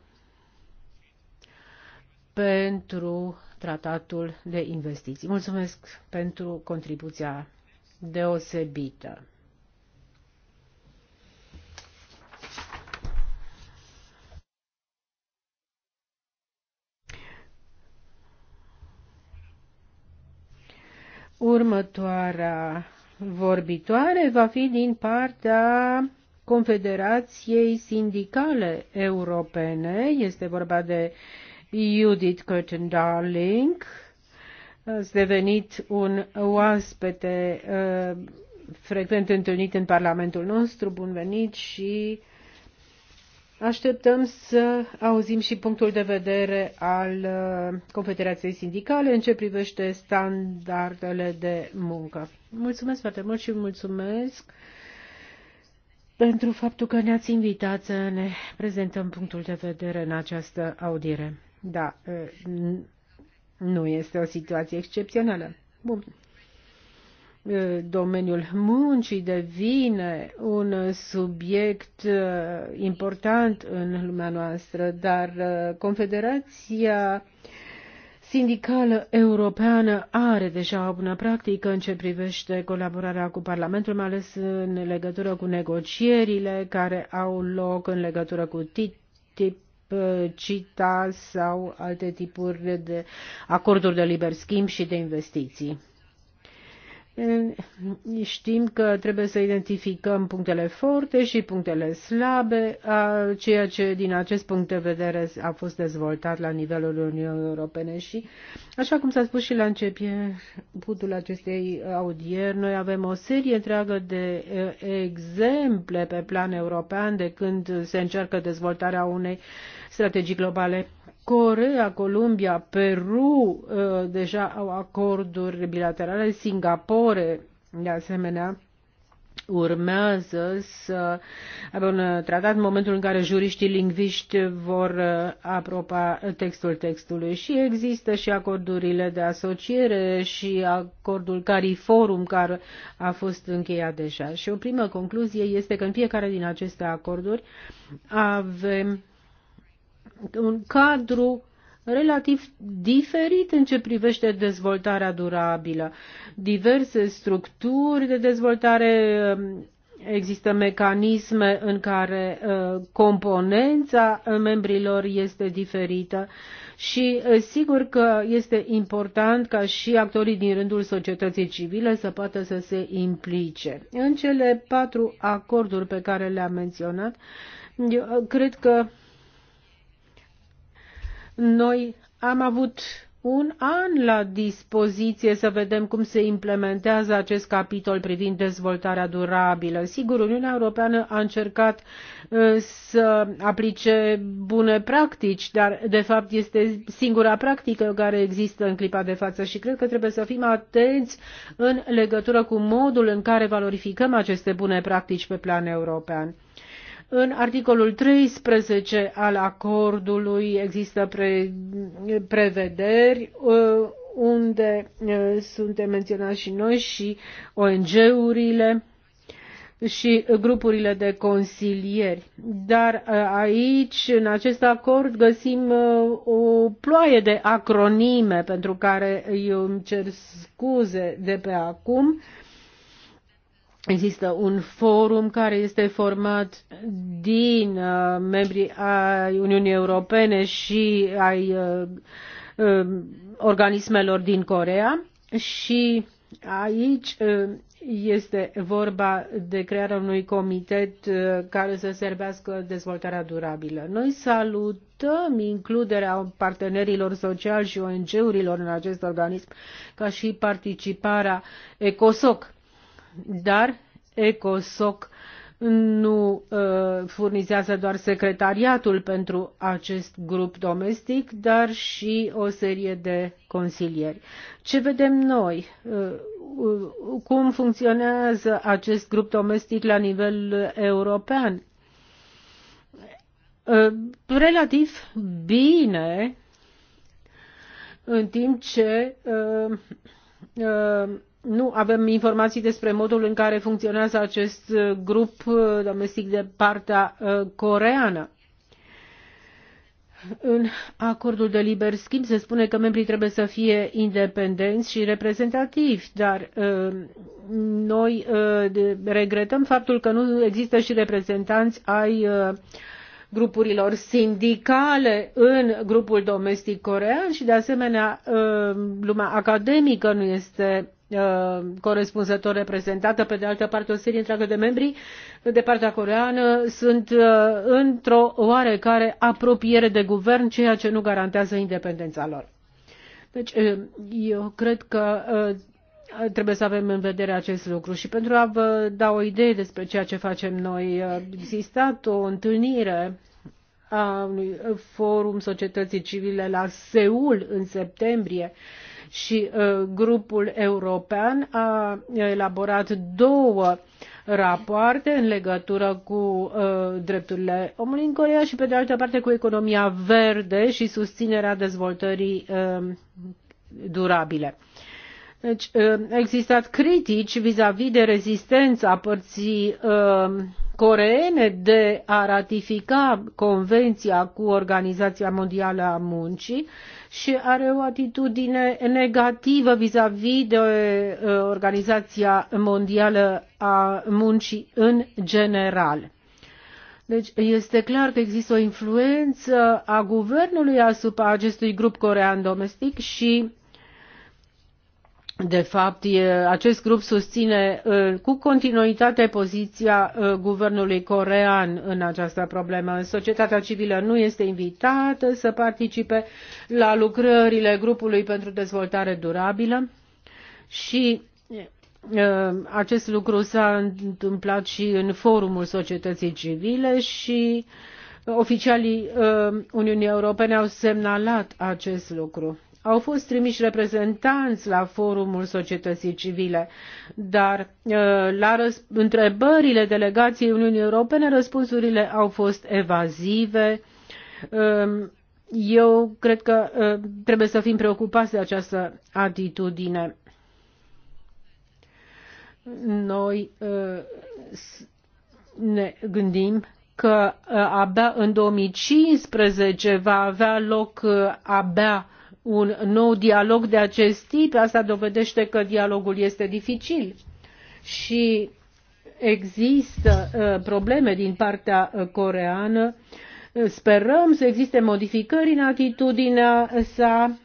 pentru tratatul de investiții. Mulțumesc pentru contribuția deosebită. Următoarea vorbitoare va fi din partea Confederației Sindicale Europene. Este vorba de Judith Curtin Darling. Ați devenit un oaspete uh, frecvent întâlnit în Parlamentul nostru. Bun venit și uh, Așteptăm să auzim și punctul de vedere al uh, Confederației Sindicale în ce privește standardele de muncă. Mulțumesc foarte mult și mulțumesc pentru faptul că ne-ați invitat să ne prezentăm punctul de vedere în această audiere. Da, uh, nu este o situație excepțională. Bun, domeniul muncii devine un subiect important în lumea noastră, dar Confederația Sindicală Europeană are deja o bună practică în ce privește colaborarea cu Parlamentul, mai ales în legătură cu negocierile care au loc în legătură cu TTIP CITA sau alte tipuri de acorduri de liber schimb și de investiții. Știm că trebuie să identificăm punctele forte și punctele slabe, a ceea ce din acest punct de vedere a fost dezvoltat la nivelul Uniunii Europene și, așa cum s-a spus și la începutul acestei audieri, noi avem o serie întreagă de exemple pe plan european de când se încearcă dezvoltarea unei strategii globale Corea, Columbia, Peru uh, deja au acorduri bilaterale, Singapore, de asemenea, urmează să aibă un tratat în momentul în care juriștii lingviști vor uh, apropa textul textului și există și acordurile de asociere și acordul CARIFORUM care a fost încheiat deja. Și o primă concluzie este că în fiecare din aceste acorduri avem un cadru relativ diferit în ce privește dezvoltarea durabilă. Diverse structuri de dezvoltare um, există mecanisme în care uh, componența uh, membrilor este diferită și uh, sigur că este important ca și actorii din rândul societății civile să poată să se implice. În cele patru acorduri pe care le-am menționat, eu cred că noi am avut un an la dispoziție să vedem cum se implementează acest capitol privind dezvoltarea durabilă. Sigur, Uniunea Europeană a încercat uh, să aplice bune practici, dar de fapt este singura practică care există în clipa de față și cred că trebuie să fim atenți în legătură cu modul în care valorificăm aceste bune practici pe plan european. În articolul 13 al acordului există pre, prevederi uh, unde uh, suntem menționați și noi și ONG-urile și grupurile de consilieri. Dar uh, aici, în acest acord, găsim o ploaie de acronime pentru care eu îmi cer scuze de pe acum Există un forum care este format din uh, membrii ai Uniunii Europene și ai uh, uh, organismelor din Corea și aici uh, este vorba de crearea unui comitet uh, care să servească dezvoltarea durabilă. Noi salutăm includerea partenerilor sociali și ONG-urilor în acest organism, ca și participarea ECOSOC dar ECOSOC nu uh, furnizează doar secretariatul pentru acest grup domestic, dar și o serie de consilieri. Ce vedem noi? Uh, cum funcționează acest grup domestic la nivel european? Uh, relativ bine, în timp ce uh, uh, nu avem informații despre modul în care funcționează acest uh, grup uh, domestic de partea uh, coreană. În acordul de liber schimb se spune că membrii trebuie să fie independenți și reprezentativi, dar noi regretăm faptul că nu există și reprezentanți ai grupurilor sindicale în grupul domestic corean și de asemenea lumea academică nu este Uh, corespunzător reprezentată, pe de altă parte o serie întreagă de membri de partea coreeană sunt uh, într-o oarecare apropiere de guvern, ceea ce nu garantează independența lor. Deci, uh, eu cred că trebuie să avem în vedere acest lucru. Și pentru a vă da o idee despre ceea ce facem noi, a existat o întâlnire a unui forum societății civile la Seul în septembrie, uh, și uh, grupul european a elaborat două rapoarte în legătură cu uh, drepturile omului în Corea și pe de altă parte cu economia verde și susținerea dezvoltării uh, durabile. Deci uh, existat critici vis-a-vis -vis de rezistența părții uh, coreene de a ratifica convenția cu Organizația Mondială a Muncii și are o atitudine negativă vis-a-vis -vis de uh, Organizația Mondială a Muncii în general. Deci este clar că există o influență a guvernului asupra acestui grup corean domestic și de fapt, acest grup susține cu continuitate poziția guvernului corean în această problemă. Societatea civilă nu este invitată să participe la lucrările grupului pentru dezvoltare durabilă și acest lucru s-a întâmplat și în forumul societății civile și oficialii Uniunii Europene au semnalat acest lucru au fost trimiși reprezentanți la forumul societății civile, dar uh, la întrebările delegației Uniunii Europene răspunsurile au fost evazive. Um, eu cred că uh, trebuie să fim preocupați de această atitudine. Noi uh, ne gândim că abia în 2015 va avea loc abia un nou dialog de acest tip, asta dovedește că dialogul este dificil și există uh, probleme din partea uh, coreană. Uh, sperăm să existe modificări în atitudinea sa.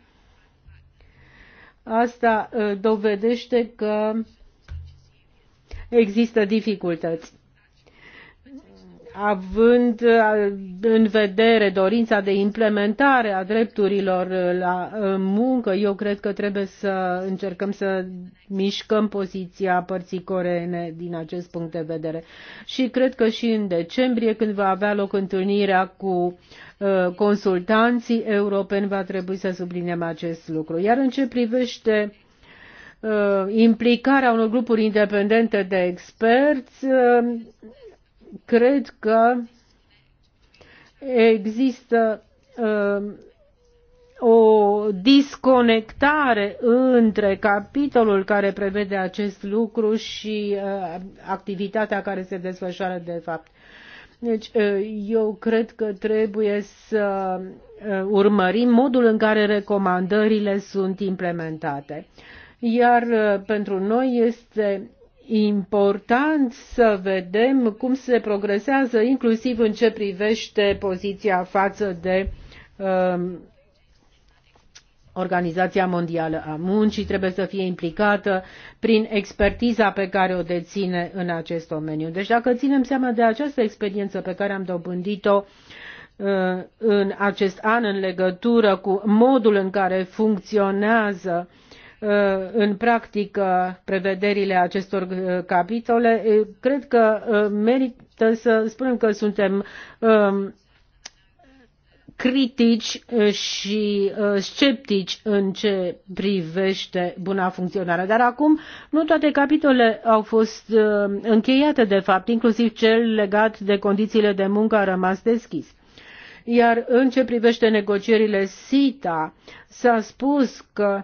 Asta dovedește că există dificultăți având uh, în vedere dorința de implementare a drepturilor uh, la uh, muncă, eu cred că trebuie să încercăm să mișcăm poziția părții coreene din acest punct de vedere. Și cred că și în decembrie, când va avea loc întâlnirea cu consultanții europeni, va trebui să subliniem acest lucru. Iar în ce privește implicarea unor grupuri independente de experți, cred că există uh, o disconectare între capitolul care prevede acest lucru și uh, activitatea care se desfășoară de fapt. Deci, uh, eu cred că trebuie să uh, urmărim modul în care recomandările sunt implementate. Iar uh, pentru noi este important să vedem cum se progresează, inclusiv în ce privește poziția față de um, Organizația Mondială a Muncii trebuie să fie implicată prin expertiza pe care o deține în acest domeniu. Deci dacă ținem seama de această experiență pe care am dobândit-o uh, în acest an în legătură cu modul în care funcționează uh, Uh, în practică prevederile acestor uh, capitole, uh, cred că merită să spunem că suntem um, critici și sceptici în ce privește buna funcționare. Dar acum nu toate capitolele au fost încheiate, de fapt, inclusiv cel legat de condițiile de muncă a rămas deschis. Iar în ce privește negocierile SITA, s-a spus că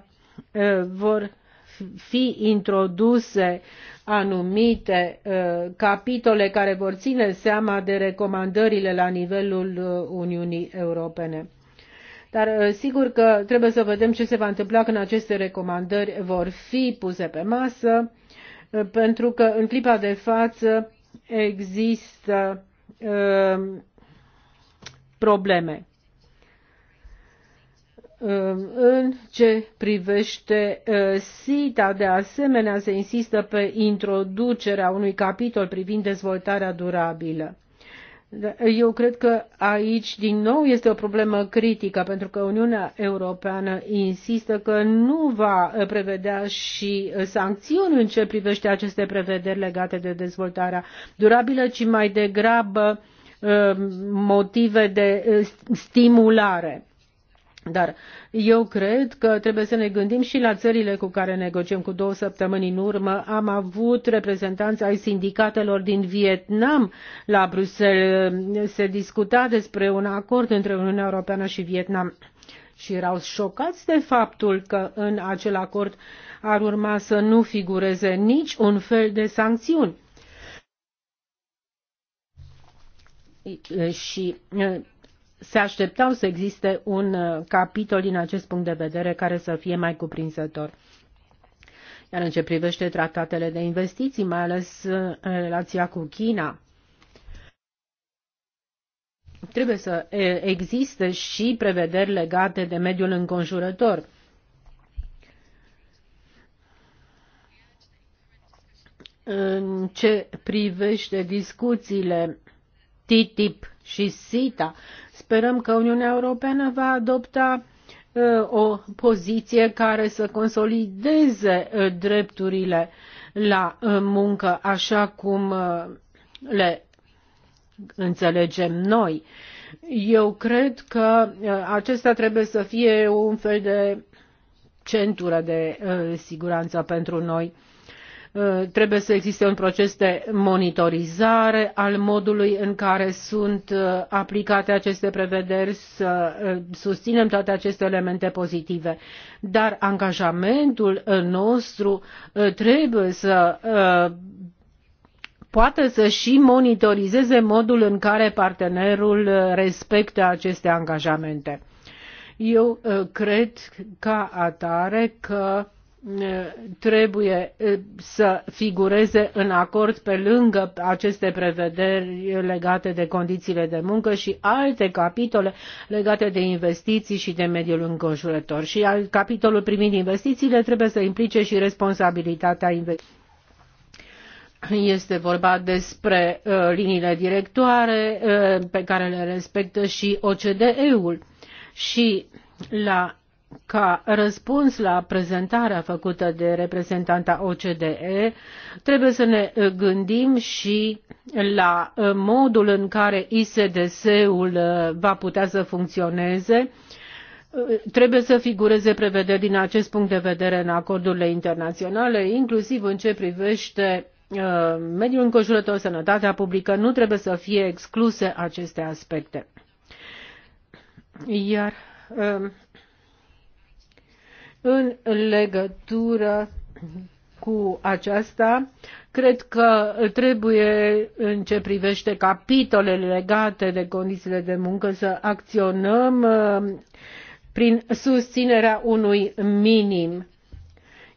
vor fi introduse anumite uh, capitole care vor ține seama de recomandările la nivelul Uniunii Europene. Dar uh, sigur că trebuie să vedem ce se va întâmpla când aceste recomandări vor fi puse pe masă, uh, pentru că în clipa de față există probleme. Um, în ce privește uh, SITA, de asemenea, se insistă pe introducerea unui capitol privind dezvoltarea durabilă. Da, eu cred că aici, din nou, este o problemă critică, pentru că Uniunea Europeană insistă că nu va uh, prevedea și uh, sancțiuni în ce privește aceste prevederi legate de dezvoltarea durabilă, ci mai degrabă motive de stimulare. Dar eu cred că trebuie să ne gândim și la țările cu care negociem. Cu două săptămâni în urmă am avut reprezentanți ai sindicatelor din Vietnam la Bruxelles. Se discuta despre un acord între Uniunea Europeană și Vietnam și erau șocați de faptul că în acel acord ar urma să nu figureze nici un fel de sancțiuni. Și se așteptau să existe un uh, capitol din acest punct de vedere care să fie mai cuprinzător. Iar în ce privește tratatele de investiții, mai ales uh, în relația cu China, trebuie să existe și prevederi legate de mediul înconjurător. În ce privește discuțiile TTIP și SITA, Sperăm că Uniunea Europeană va adopta uh, o poziție care să consolideze uh, drepturile la uh, muncă așa cum le înțelegem noi. Eu cred că acesta trebuie să fie un fel de centură de siguranță pentru noi Eh, trebuie să existe un proces de monitorizare al modului în care sunt eh, aplicate aceste prevederi, să eh, susținem toate aceste elemente pozitive. Dar angajamentul nostru trebuie să poată să și monitorizeze modul în care partenerul respectă aceste angajamente. Eu cred ca atare că trebuie să figureze în acord pe lângă aceste prevederi legate de condițiile de muncă și alte capitole legate de investiții și de mediul înconjurător. Și al capitolul privind investițiile trebuie să implice și responsabilitatea investiției. Este vorba despre uh, liniile directoare uh, pe care le respectă și OCDE-ul. Și la ca răspuns la prezentarea făcută de reprezentanta OCDE, trebuie să ne gândim și la modul în care ISDS-ul uh, va putea să funcționeze. Uh, trebuie să figureze prevederi din acest punct de vedere în acordurile internaționale, inclusiv în ce privește uh, mediul înconjurător, sănătatea publică, nu trebuie să fie excluse aceste aspecte. Iar în legătură cu aceasta, cred că trebuie, în ce privește capitolele legate de condițiile de muncă, să acționăm uh, prin susținerea unui minim.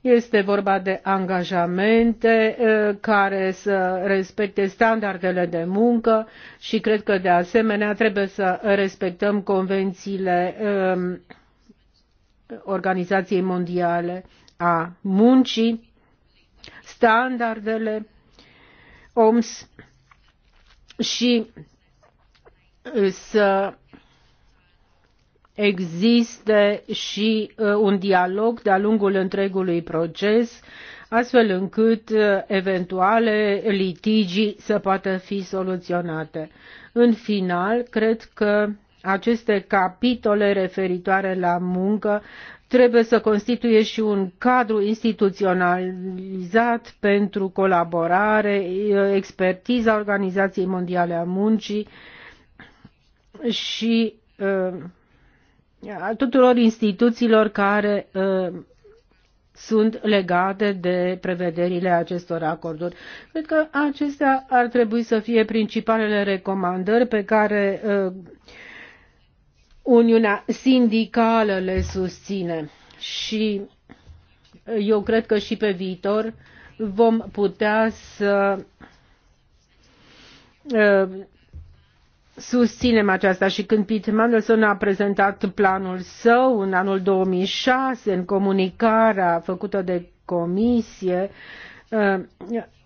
Este vorba de angajamente uh, care să respecte standardele de muncă și cred că de asemenea trebuie să respectăm convențiile um, Organizației Mondiale a Muncii, standardele OMS și uh, să existe și uh, un dialog de-a lungul întregului proces, astfel încât uh, eventuale litigii să poată fi soluționate. În final, cred că aceste capitole referitoare la muncă trebuie să constituie și un cadru instituționalizat pentru colaborare, expertiza Organizației Mondiale a Muncii și a uh, tuturor instituțiilor care uh, sunt legate de prevederile acestor acorduri. Cred că acestea ar trebui să fie principalele recomandări pe care uh, Uniunea Sindicală le susține și eu cred că și pe viitor vom putea să ă, susținem aceasta și când Pete Mandelson a prezentat planul său în anul 2006 în comunicarea făcută de comisie ă,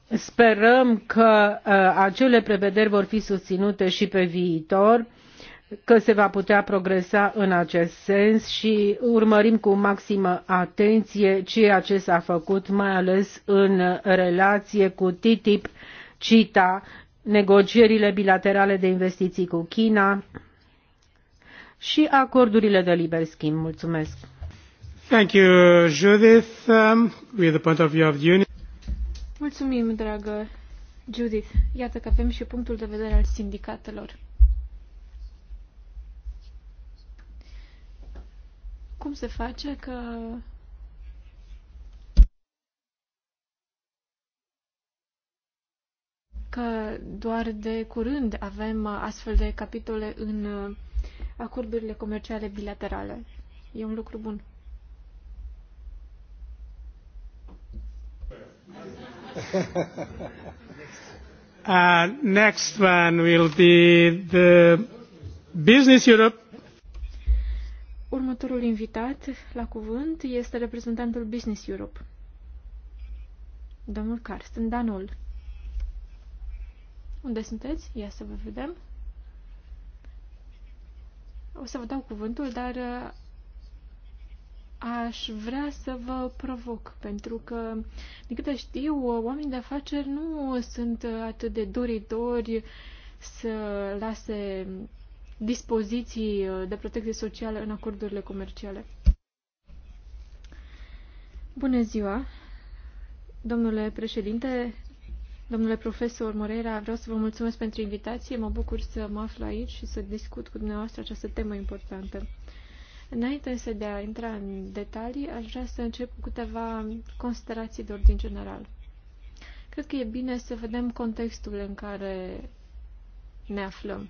sperăm că ă, acele prevederi vor fi susținute și pe viitor că se va putea progresa în acest sens și urmărim cu maximă atenție ceea ce s-a făcut, mai ales în relație cu TTIP, CITA, negocierile bilaterale de investiții cu China și acordurile de liber schimb. Mulțumesc! Thank you, Judith, um, with the point of view of Union. Mulțumim, dragă Judith. Iată că avem și punctul de vedere al sindicatelor. Cum se face că că doar de curând avem astfel de capitole în acordurile comerciale bilaterale. E un lucru bun. uh, next one will be the Business Europe Următorul invitat la cuvânt este reprezentantul Business Europe, domnul Carsten Danul. Unde sunteți? Ia să vă vedem. O să vă dau cuvântul, dar uh, aș vrea să vă provoc, pentru că, din câte știu, uh, oamenii de afaceri nu sunt uh, atât de doritori să lase dispoziții uh, de protecție socială în acordurile comerciale. Bună ziua, domnule președinte, domnule profesor Moreira, vreau să vă mulțumesc pentru invitație, mă bucur să mă aflu aici și să discut cu dumneavoastră această temă importantă. Înainte însă de a intra în detalii, aș vrea să încep cu câteva considerații de ordin general. Cred că e bine să vedem contextul în care ne aflăm.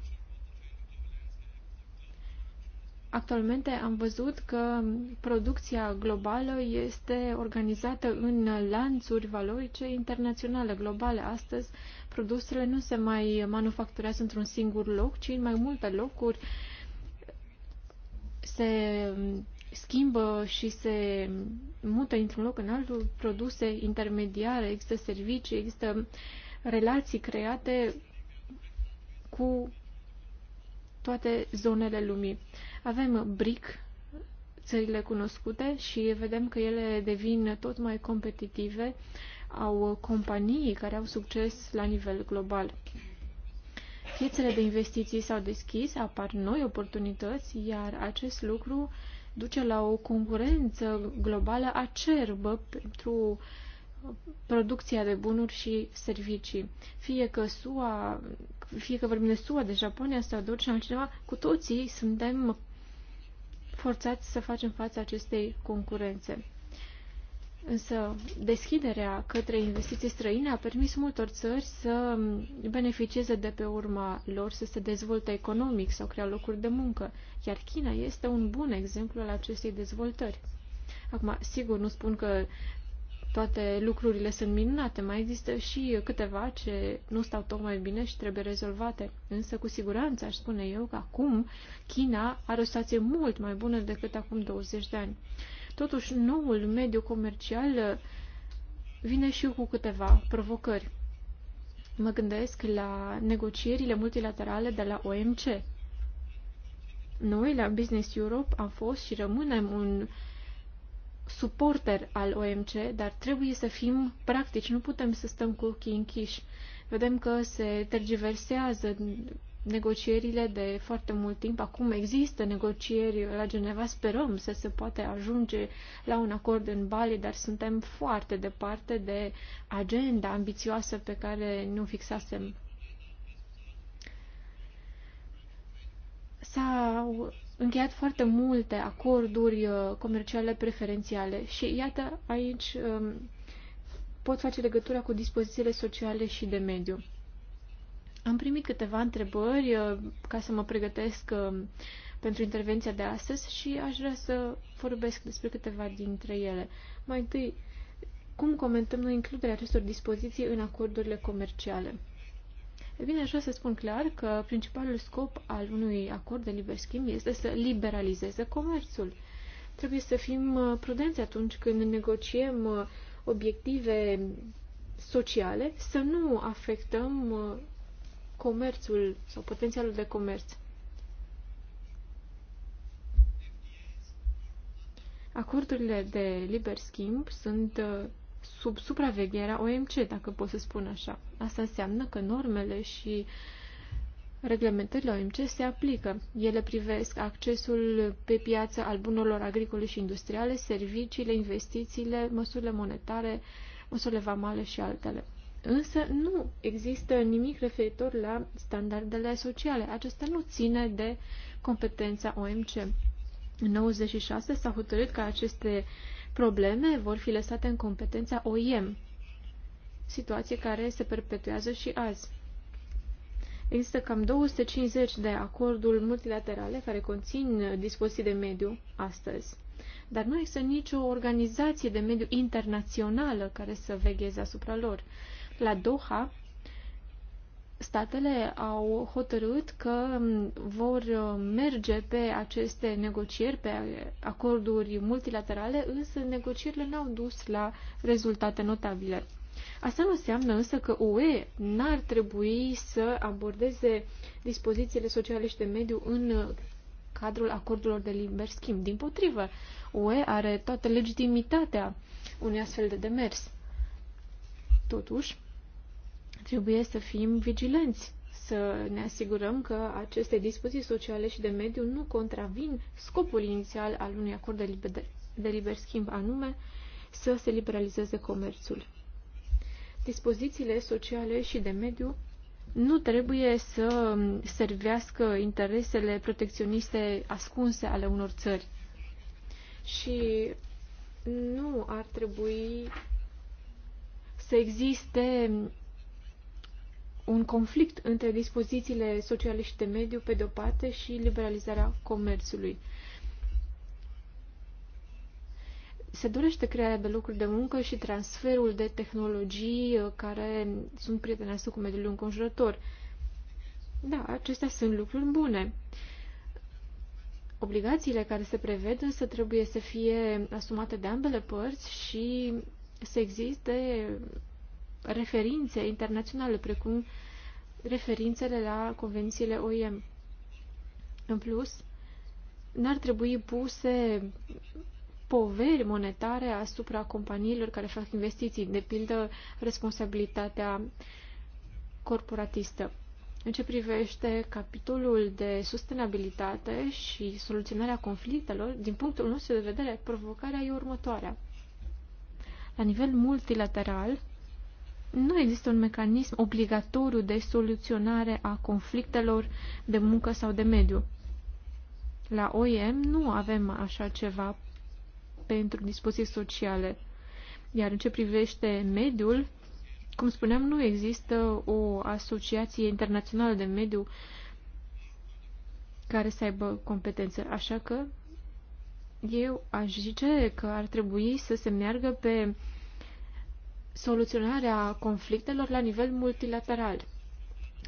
Actualmente am văzut că producția globală este organizată în lanțuri valorice internaționale, globale. Astăzi, produsele nu se mai manufacturează într-un singur loc, ci în mai multe locuri se schimbă și se mută într-un loc în altul produse intermediare, există servicii, există relații create cu toate zonele lumii. Avem BRIC, țările cunoscute, și vedem că ele devin tot mai competitive, au companii care au succes la nivel global. Piețele de investiții s-au deschis, apar noi oportunități, iar acest lucru duce la o concurență globală acerbă pentru producția de bunuri și servicii. Fie că SUA, fie că vorbim de SUA, de Japonia sau de oricine altcineva, cu toții suntem forțați să facem față acestei concurențe. Însă deschiderea către investiții străine a permis multor țări să beneficieze de pe urma lor, să se dezvolte economic sau crea locuri de muncă, iar China este un bun exemplu al acestei dezvoltări. Acum, sigur, nu spun că toate lucrurile sunt minunate, mai există și câteva ce nu stau tocmai bine și trebuie rezolvate. Însă, cu siguranță, aș spune eu că acum China are o situație mult mai bună decât acum 20 de ani. Totuși, noul mediu comercial vine și cu câteva provocări. Mă gândesc la negocierile multilaterale de la OMC. Noi, la Business Europe, am fost și rămânem un uh, suporter al OMC, dar trebuie să fim practici, nu putem să stăm cu ochii închiși. Vedem că se tergiversează negocierile de foarte mult timp. Acum există negocieri la Geneva, sperăm să se poate ajunge la un acord în Bali, dar suntem foarte departe de agenda ambițioasă pe care nu fixasem. S-au încheiat foarte multe acorduri uh, comerciale preferențiale și iată aici um, pot face legătura cu dispozițiile sociale și de mediu. Am primit câteva întrebări uh, ca să mă pregătesc um, pentru intervenția de astăzi și aș vrea să vorbesc despre câteva dintre ele. Mai întâi, cum comentăm noi includerea acestor dispoziții în acordurile comerciale? E bine, așa se spun clar că principalul scop al unui acord de liber schimb este să liberalizeze comerțul. Trebuie să fim uh, prudenți atunci când negociem uh, obiective sociale, să nu afectăm uh, comerțul sau potențialul de comerț. Acordurile de liber schimb sunt sub supravegherea OMC, dacă pot să spun așa. Asta înseamnă că normele și reglementările OMC se aplică. Ele privesc accesul pe piață al bunurilor agricole și industriale, serviciile, investițiile, măsurile monetare, măsurile vamale și altele. Însă nu există nimic referitor la standardele sociale. Acesta nu ține de competența OMC. În 96 s-a hotărât ca aceste uh, probleme vor fi lăsate în competența OIM, situație care se perpetuează și azi. Există cam 250 de acorduri multilaterale care conțin dispoziții de mediu astăzi. Dar nu există nicio organizație de mediu internațională care să vegheze asupra lor. La Doha, statele au hotărât că um, vor um, merge pe aceste negocieri, pe acorduri multilaterale, însă negocierile n-au dus la rezultate notabile. Asta nu înseamnă însă că UE n-ar trebui să abordeze dispozițiile sociale și de mediu în cadrul acordurilor de liber schimb. Din potrivă, UE are toată legitimitatea unui astfel de demers. Totuși, Trebuie să fim vigilenți, să ne asigurăm că aceste dispoziții sociale și de mediu nu contravin scopul inițial al unui acord de liber, de liber schimb, anume să se liberalizeze comerțul. Dispozițiile sociale și de mediu nu trebuie să servească interesele protecționiste ascunse ale unor țări. Și nu ar trebui să existe un conflict între dispozițiile sociale și de mediu pe de-o parte și liberalizarea comerțului. Se dorește crearea de locuri de muncă și transferul de tehnologii uh, care sunt prietenească cu mediul înconjurător. Da, acestea sunt lucruri bune. Obligațiile care se preved însă trebuie să fie asumate de ambele părți și să existe referințe internaționale, precum referințele la convențiile OIM. În plus, n-ar trebui puse poveri monetare asupra companiilor care fac investiții, de pildă responsabilitatea corporatistă. În ce privește capitolul de sustenabilitate și soluționarea conflictelor, din punctul nostru de vedere, provocarea e următoarea. La nivel multilateral, nu există un mecanism obligatoriu de soluționare a conflictelor de muncă sau de mediu. La OIM nu avem așa ceva pentru dispoziții sociale. Iar în ce privește mediul, cum spuneam, nu există o asociație internațională de mediu care să aibă competențe. Așa că eu aș zice că ar trebui să se meargă pe soluționarea conflictelor la nivel multilateral.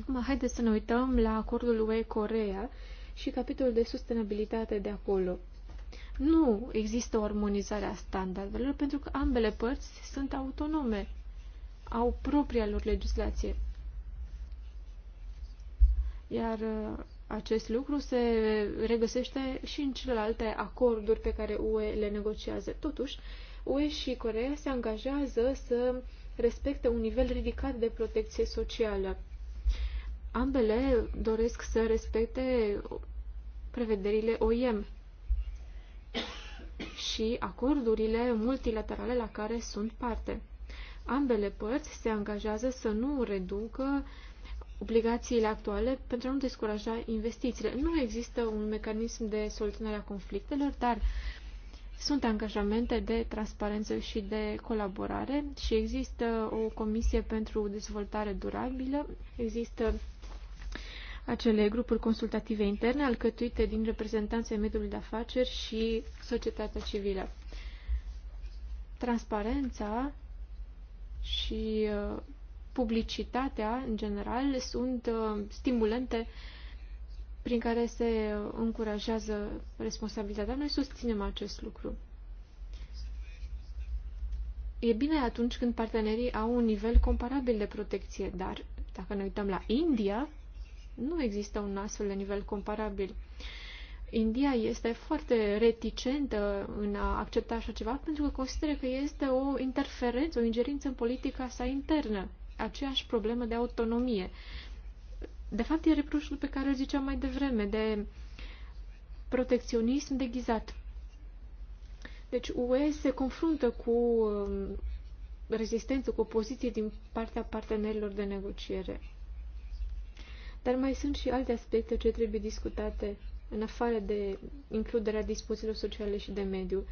Acum, haideți să ne uităm la acordul UE-Corea și capitolul de sustenabilitate de acolo. Nu există o armonizare a standardelor pentru că ambele părți sunt autonome, au propria lor legislație. Iar uh, acest lucru se regăsește și în celelalte acorduri pe care UE le negociază. Totuși, UE și Coreea se angajează să respecte un nivel ridicat de protecție socială. Ambele doresc să respecte prevederile OIM și acordurile multilaterale la care sunt parte. Ambele părți se angajează să nu reducă obligațiile actuale pentru a nu descuraja investițiile. Nu există un mecanism de soluționare a conflictelor, dar uh, sunt angajamente de transparență și de colaborare și există o comisie pentru dezvoltare durabilă, există acele grupuri consultative interne alcătuite din reprezentanții mediului de afaceri și societatea civilă. Transparența și uh, publicitatea, în general, sunt uh, stimulente uh, prin care se încurajează responsabilitatea. Noi susținem acest lucru. E bine atunci când partenerii au un nivel comparabil de protecție, dar dacă ne uităm la India, nu există un astfel de nivel comparabil. India este foarte reticentă în a accepta așa ceva pentru că consideră că este o interferență, o ingerință în politica sa internă, aceeași problemă de autonomie. De fapt, e reproșul pe care îl ziceam mai devreme, de protecționism deghizat. Deci UE se confruntă cu um, rezistență, cu opoziție din partea partenerilor de negociere. Dar mai sunt și alte aspecte ce trebuie discutate în afară de includerea dispozițiilor sociale și de mediu.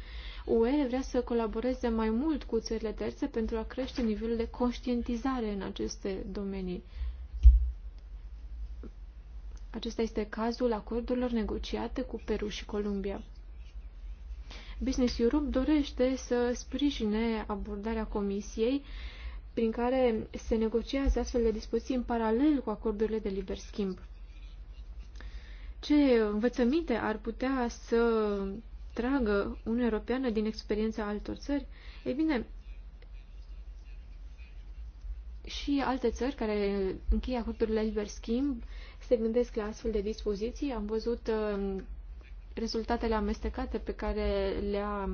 UE vrea să colaboreze mai mult cu țările terțe pentru a crește nivelul de conștientizare în aceste domenii. Acesta este cazul acordurilor negociate cu Peru și Columbia. Business Europe dorește să sprijine abordarea Comisiei prin care se negociază astfel de dispoziții în paralel cu acordurile de liber schimb. Ce învățăminte ar putea să tragă Uniunea Europeană din experiența altor țări? Ei bine, și alte țări care încheie acordurile de liber schimb se gândesc la astfel de dispoziții. Am văzut uh, rezultatele amestecate pe care le-a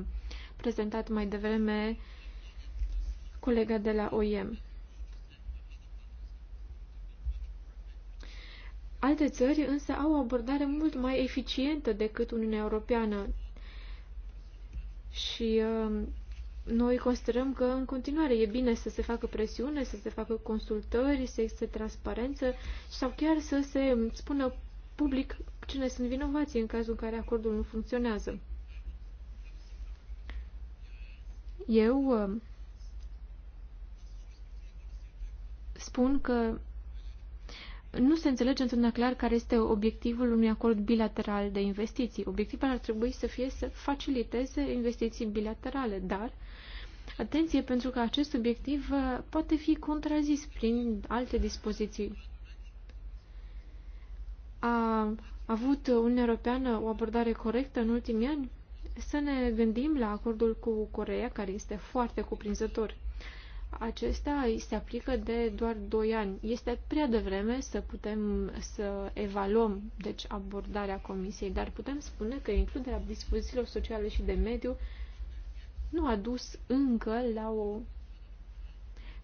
prezentat mai devreme colega de la OIM. Alte țări însă au o abordare mult mai eficientă decât Uniunea Europeană și uh, noi considerăm că în continuare e bine să se facă presiune, să se facă consultări, să existe transparență sau chiar să se spună public cine sunt vinovații în cazul în care acordul nu funcționează. Eu uh, spun că nu se înțelege într într-una clar care este obiectivul unui acord bilateral de investiții. Obiectivul ar trebui să fie să faciliteze investiții bilaterale, dar atenție pentru că acest obiectiv uh, poate fi contrazis prin alte dispoziții. A avut Uniunea Europeană o abordare corectă în ultimii ani? Să ne gândim la acordul cu Coreea, care este foarte cuprinzător acestea se aplică de doar 2 ani. Este prea devreme să putem să evaluăm deci, abordarea Comisiei, dar putem spune că includerea dispozițiilor sociale și de mediu nu a dus încă la o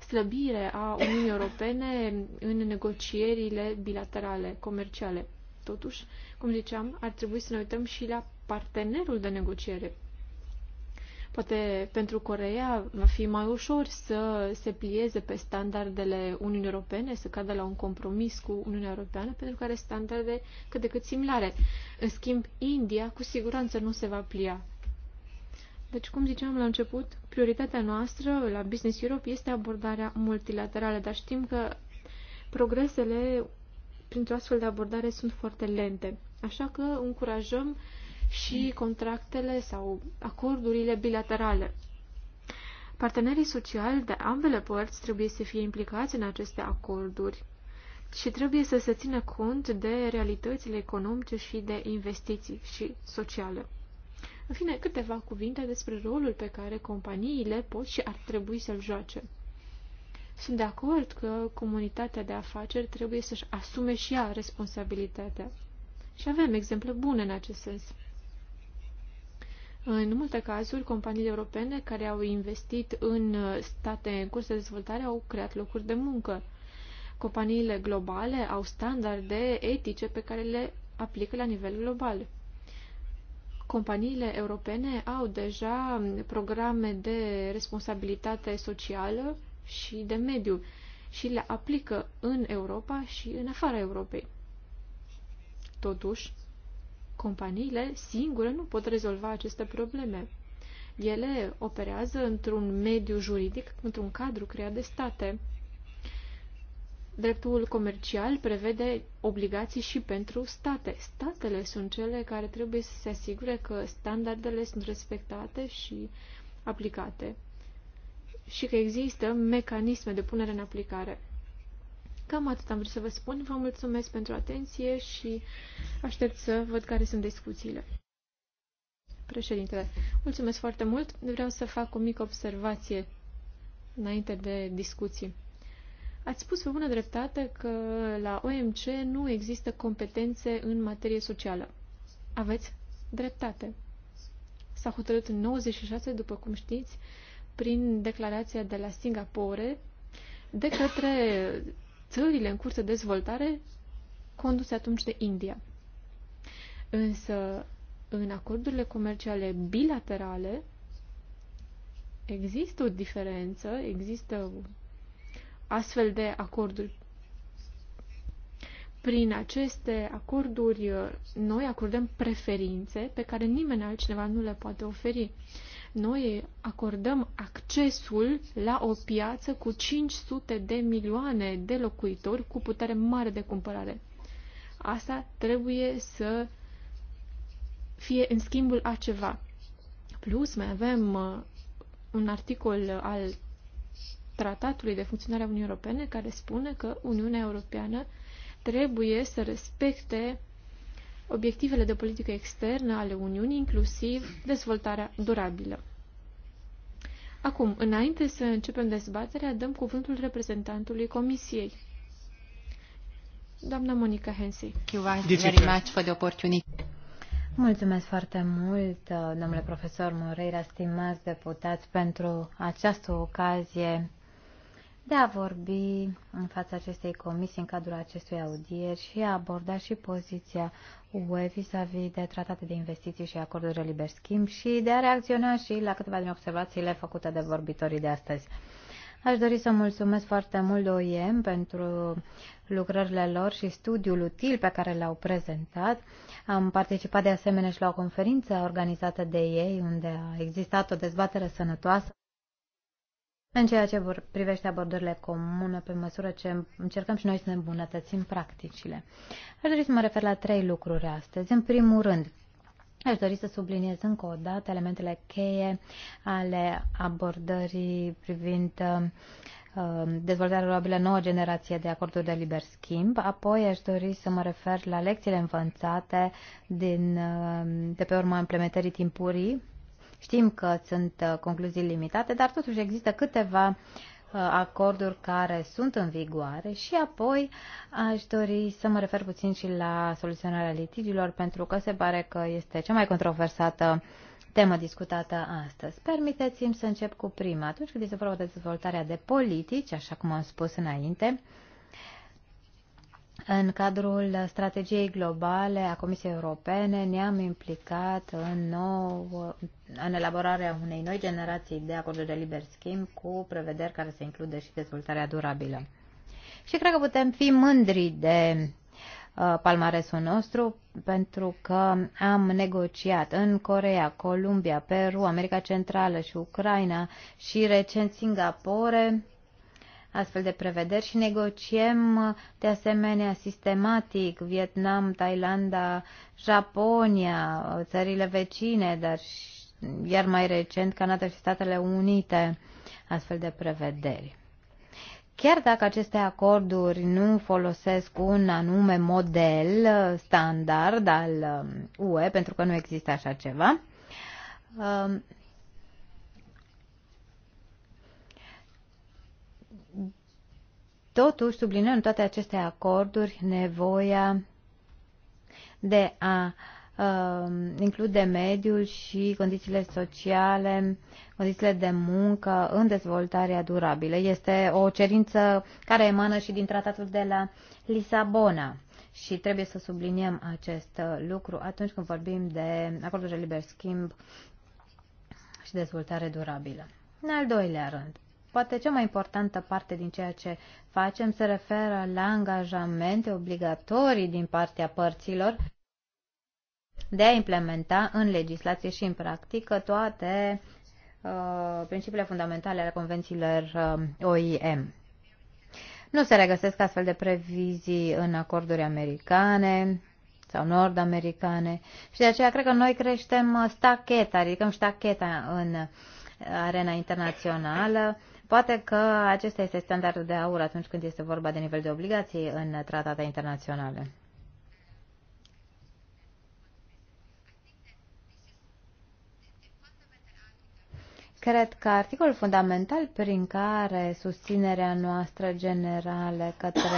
slăbire a Uniunii Europene în negocierile bilaterale, comerciale. Totuși, cum ziceam, ar trebui să ne uităm și la partenerul de negociere, Poate pentru Coreea va fi mai ușor să se plieze pe standardele Uniunii Europene, să cadă la un compromis cu Uniunea Europeană, pentru că are standarde cât de cât similare. În schimb, India cu siguranță nu se va plia. Deci, cum ziceam la început, prioritatea noastră la Business Europe este abordarea multilaterală, dar știm că progresele printr-o astfel de abordare sunt foarte lente. Așa că încurajăm uh, și contractele sau acordurile bilaterale. Partenerii sociali de ambele părți trebuie să fie implicați în aceste acorduri și trebuie să se țină cont de realitățile economice și de investiții și sociale. În fine, câteva cuvinte despre rolul pe care companiile pot și ar trebui să-l joace. Sunt de acord că comunitatea de afaceri trebuie să-și asume și ea responsabilitatea. Și avem exemple bune în acest sens. În multe cazuri, companiile europene care au investit în uh, state în curs de dezvoltare au creat locuri de muncă. Companiile globale au standarde etice pe care le aplică la nivel global. Companiile europene au deja um, programe de responsabilitate socială și de mediu și le aplică în Europa și în afara Europei. Totuși, companiile singure nu pot rezolva aceste probleme. Ele operează într-un mediu juridic, într-un cadru creat de state. Dreptul comercial prevede obligații și pentru state. Statele sunt cele care trebuie să se asigure că standardele sunt respectate și aplicate și că există mecanisme de punere în aplicare. Cam atât am vrut să vă spun. Vă mulțumesc pentru atenție și aștept să văd care sunt discuțiile. Președintele, mulțumesc foarte mult. Vreau să fac o mică observație înainte de discuții. Ați spus pe bună dreptate că la OMC nu există competențe în materie socială. Aveți dreptate. S-a hotărât în 96, după cum știți, prin declarația de la Singapore, de către țările în curs de dezvoltare conduse atunci de India. Însă, în acordurile comerciale bilaterale, există o diferență, există astfel de acorduri. Prin aceste acorduri, noi acordăm preferințe pe care nimeni altcineva nu le poate oferi noi acordăm accesul la o piață cu 500 de milioane de locuitori cu putere mare de cumpărare. Asta trebuie să fie în schimbul a ceva. Plus, mai avem uh, un articol al Tratatului de Funcționare a Uniunii Europene care spune că Uniunea Europeană trebuie să respecte obiectivele de politică externă ale Uniunii, inclusiv dezvoltarea durabilă. Acum, înainte să începem dezbaterea, dăm cuvântul reprezentantului Comisiei. Doamna Monica Hensey. Deci, Mulțumesc foarte mult, domnule profesor Moreira, stimați deputați, pentru această ocazie de a vorbi în fața acestei comisii în cadrul acestui audieri și a aborda și poziția UE vis-a-vis de tratate de investiții și acorduri de liber schimb și de a reacționa și la câteva din observațiile făcute de vorbitorii de astăzi. Aș dori să mulțumesc foarte mult de OIM pentru lucrările lor și studiul util pe care l-au prezentat. Am participat de asemenea și la o conferință organizată de ei, unde a existat o dezbatere sănătoasă în ceea ce vor privește abordările comune, pe măsură ce încercăm și noi să ne îmbunătățim practicile. Aș dori să mă refer la trei lucruri astăzi. În primul rând, aș dori să subliniez încă o dată elementele cheie ale abordării privind uh, dezvoltarea roabilă nouă generație de acorduri de liber schimb. Apoi aș dori să mă refer la lecțiile învățate din, uh, de pe urma implementării timpurii Știm că sunt uh, concluzii limitate, dar totuși există câteva uh, acorduri care sunt în vigoare și apoi aș dori să mă refer puțin și la soluționarea litigiilor pentru că se pare că este cea mai controversată temă discutată astăzi. Permiteți-mi să încep cu prima. Atunci când este vorba de dezvoltarea de politici, așa cum am spus înainte, în cadrul strategiei globale a Comisiei Europene ne-am implicat în, nou, în elaborarea unei noi generații de acorduri de liber schimb cu prevederi care să includă și dezvoltarea durabilă. Și cred că putem fi mândri de uh, palmaresul nostru pentru că am negociat în Corea, Columbia, Peru, America Centrală și Ucraina și recent Singapore astfel de prevederi și negociem de asemenea sistematic Vietnam, Thailanda, Japonia, țările vecine, dar iar mai recent Canada și Statele Unite astfel de prevederi. Chiar dacă aceste acorduri nu folosesc un anume model uh, standard al um, UE, pentru că nu există așa ceva, um, Totuși, sublinăm toate aceste acorduri nevoia de a uh, include mediul și condițiile sociale, condițiile de muncă în dezvoltarea durabilă. Este o cerință care emană și din tratatul de la Lisabona și trebuie să subliniem acest uh, lucru atunci când vorbim de acordul de liber schimb și dezvoltare durabilă. În al doilea rând, poate cea mai importantă parte din ceea ce facem se referă la angajamente obligatorii din partea părților de a implementa în legislație și în practică toate uh, principiile fundamentale ale convențiilor uh, OIM. Nu se regăsesc astfel de previzii în acorduri americane sau nord-americane și de aceea cred că noi creștem uh, stacheta, ridicăm stacheta în uh, arena internațională Poate că acesta este standardul de aur atunci când este vorba de nivel de obligații în tratate internaționale. Cred că articolul fundamental prin care susținerea noastră generală către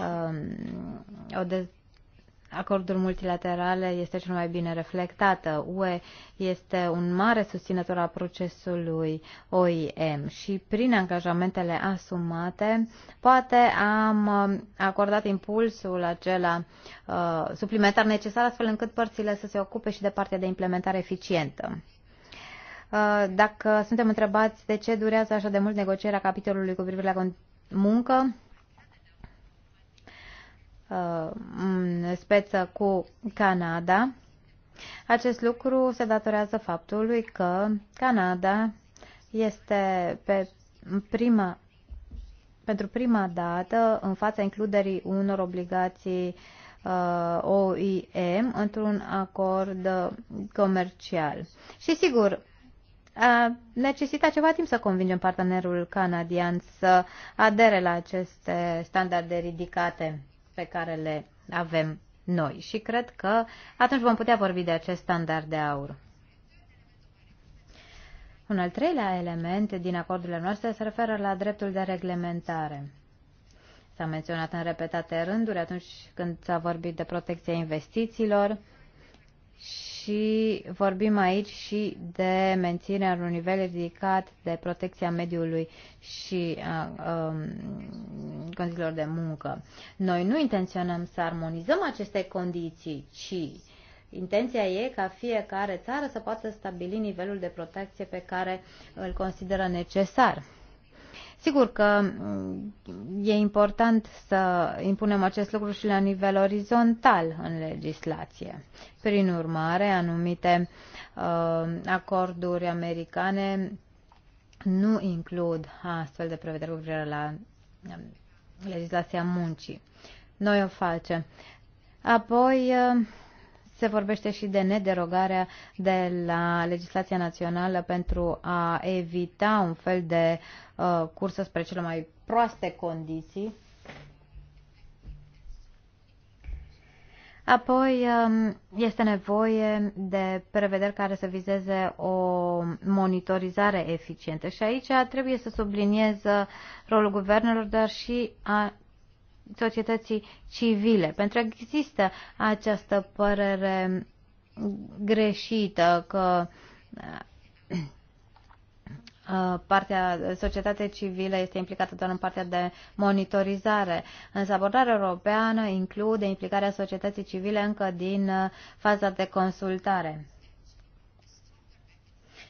um, o dezvoltare acordul multilateral este cel mai bine reflectată. UE este un mare susținător al procesului OIM și prin angajamentele asumate poate am um, acordat impulsul acela uh, suplimentar necesar astfel încât părțile să se ocupe și de partea de implementare eficientă. Uh, dacă suntem întrebați de ce durează așa de mult negocierea capitolului cu privire la muncă, Uh, în speță cu Canada. Acest lucru se datorează faptului că Canada este pe prima, pentru prima dată în fața includerii unor obligații uh, OIM într-un acord comercial. Și sigur, a necesitat ceva timp să convingem partenerul canadian să adere la aceste standarde ridicate pe care le avem noi. Și cred că atunci vom putea vorbi de acest standard de aur. Un al treilea element din acordurile noastre se referă la dreptul de reglementare. S-a menționat în repetate rânduri atunci când s-a vorbit de protecția investițiilor, și vorbim aici și de menținerea unui nivel ridicat de protecția mediului și a um, condițiilor de muncă. Noi nu intenționăm să armonizăm aceste condiții, ci intenția e ca fiecare țară să poată stabili nivelul de protecție pe care îl consideră necesar. Sigur că mm, e important să impunem acest lucru și la nivel orizontal în legislație. Prin urmare, anumite uh, acorduri americane nu includ astfel de prevederi cu privire la mm, legislația muncii. Noi o facem. Apoi, uh, se vorbește și de nederogarea de la legislația națională pentru a evita un fel de uh, cursă spre cele mai proaste condiții. Apoi um, este nevoie de prevederi care să vizeze o monitorizare eficientă și aici trebuie să subliniez uh, rolul guvernelor, dar și a societății civile, pentru că există această părere greșită că uh, partea societatea civilă este implicată doar în partea de monitorizare, însă abordarea europeană include implicarea societății civile încă din uh, faza de consultare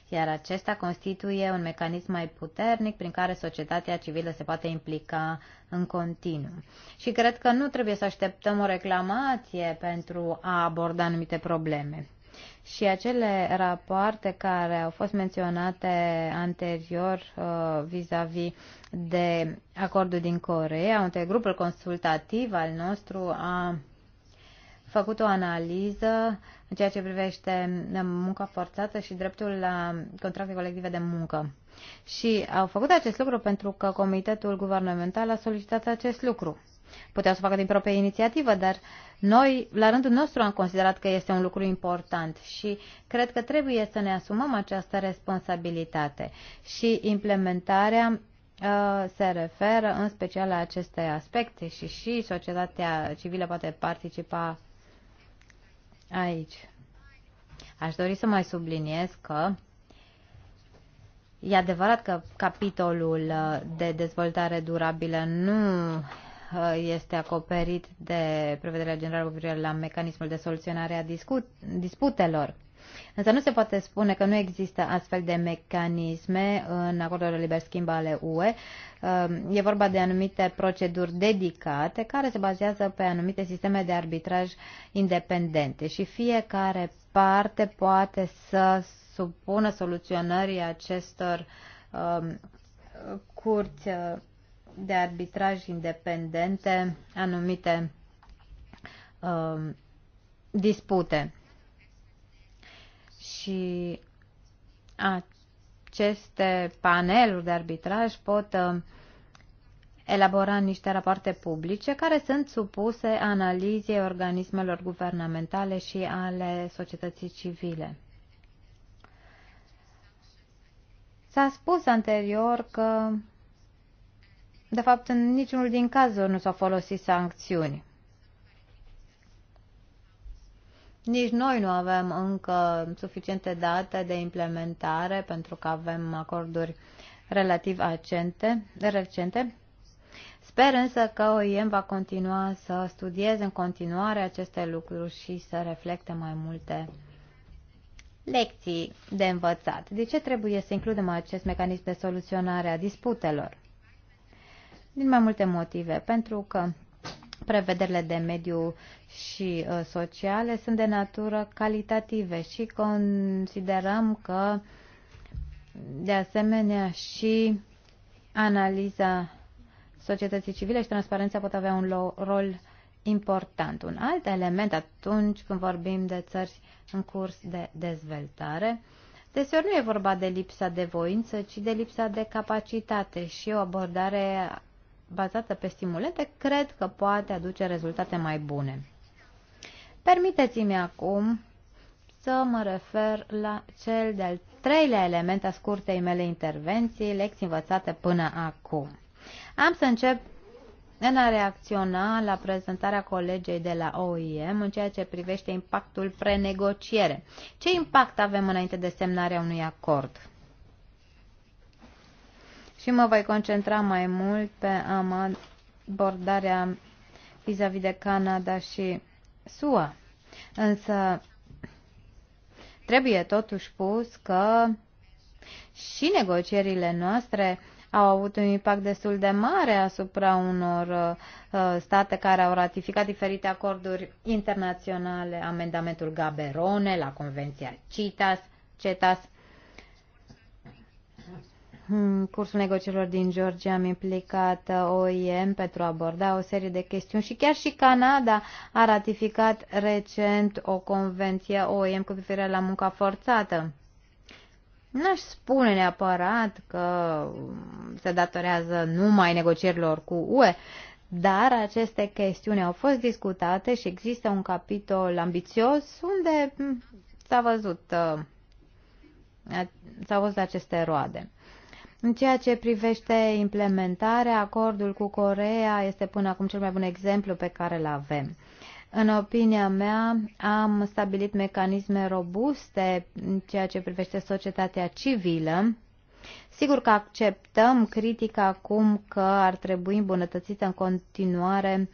iar acesta constituie un mecanism mai puternic prin care societatea civilă se poate implica în continuu. Și cred că nu trebuie să așteptăm o reclamație pentru a aborda anumite probleme. Și acele rapoarte care au fost menționate anterior uh, vis-a-vis -vis de acordul din Corea, unde grupul consultativ al nostru a făcut o analiză în ceea ce privește munca forțată și dreptul la contracte colective de muncă. Și au făcut acest lucru pentru că Comitetul Guvernamental a solicitat acest lucru. Puteau să facă din proprie inițiativă, dar noi, la rândul nostru, am considerat că este un lucru important și cred că trebuie să ne asumăm această responsabilitate. Și implementarea uh, se referă în special la aceste aspecte și și societatea civilă poate participa aici. Aș dori să mai subliniez că e adevărat că capitolul uh, de dezvoltare durabilă nu uh, este acoperit de prevederea generală cu privire la mecanismul de soluționare a disputelor. Însă nu se poate spune că nu există astfel de mecanisme în acordurile liber schimb ale UE. Um, e vorba de anumite proceduri dedicate care se bazează pe anumite sisteme de arbitraj independente și fiecare parte poate să supună soluționării acestor um, curți uh, de arbitraj independente anumite um, dispute și aceste paneluri de arbitraj pot uh, elabora niște rapoarte publice care sunt supuse analizei organismelor guvernamentale și ale societății civile. S-a spus anterior că, de fapt, în niciunul din cazuri nu s-au folosit sancțiuni. Nici noi nu avem încă suficiente date de implementare pentru că avem acorduri relativ acente, recente. Sper însă că OIM va continua să studieze în continuare aceste lucruri și să reflecte mai multe lecții de învățat. De ce trebuie să includem acest mecanism de soluționare a disputelor? Din mai multe motive. Pentru că Prevederile de mediu și uh, sociale sunt de natură calitative și considerăm că, de asemenea, și analiza societății civile și transparența pot avea un rol important. Un alt element atunci când vorbim de țări în curs de dezvoltare, deseori nu e vorba de lipsa de voință, ci de lipsa de capacitate și o abordare bazată pe stimulente, cred că poate aduce rezultate mai bune. Permiteți-mi acum să mă refer la cel de-al treilea element a scurtei mele intervenții, lecții învățate până acum. Am să încep în a reacționa la prezentarea colegei de la OIM în ceea ce privește impactul prenegociere. Ce impact avem înainte de semnarea unui acord? și mă voi concentra mai mult pe abordarea vis-a-vis de Canada și SUA. Însă trebuie totuși spus că și negocierile noastre au avut un impact destul de mare asupra unor uh, state care au ratificat diferite acorduri internaționale, amendamentul Gaberone la Convenția CITAS, CETAS. În hmm, cursul negocierilor din Georgia am implicat uh, OIM pentru a aborda o serie de chestiuni și chiar și Canada a ratificat recent o convenție OIM cu privire la munca forțată. N-aș spune neapărat că se datorează numai negocierilor cu UE, dar aceste chestiuni au fost discutate și există un capitol ambițios unde hmm, s-a văzut uh, s-au văzut aceste roade. În ceea ce privește implementarea, acordul cu Corea este până acum cel mai bun exemplu pe care îl avem. În opinia mea, am stabilit mecanisme robuste în ceea ce privește societatea civilă. Sigur că acceptăm critica acum că ar trebui îmbunătățită în continuare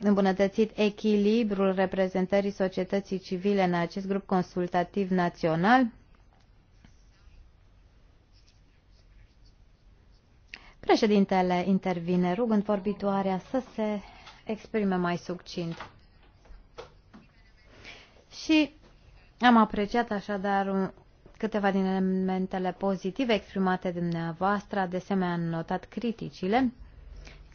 îmbunătățit echilibrul reprezentării societății civile în acest grup consultativ național, Președintele intervine rugând vorbitoarea să se exprime mai succint. Și am apreciat așadar un, câteva din elementele pozitive exprimate de dumneavoastră, de asemenea am notat criticile.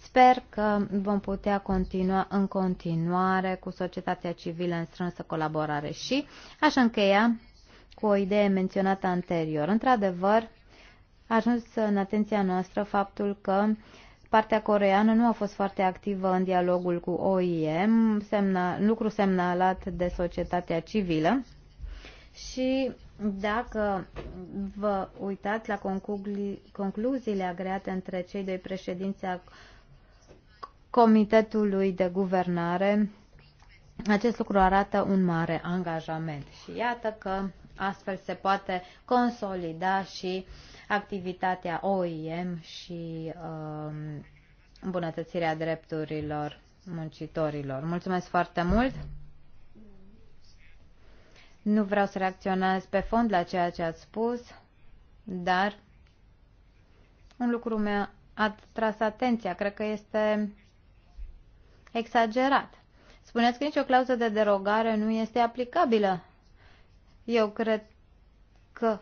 Sper că vom putea continua în continuare cu societatea civilă în strânsă colaborare și aș încheia cu o idee menționată anterior. Într-adevăr, a ajuns în atenția noastră faptul că partea coreeană nu a fost foarte activă în dialogul cu OIM, semna, lucru semnalat de societatea civilă. Și dacă vă uitați la conclu- concluziile agreate între cei doi președinți a Comitetului de Guvernare, acest lucru arată un mare angajament. Și iată că astfel se poate consolida și uh, activitatea OIM și um, îmbunătățirea drepturilor muncitorilor. Mulțumesc foarte mult! Nu vreau să reacționez pe fond la ceea ce ați spus, dar un lucru mi-a tras atenția. Cred că este exagerat. Spuneți că nicio clauză de derogare nu este aplicabilă. Eu cred că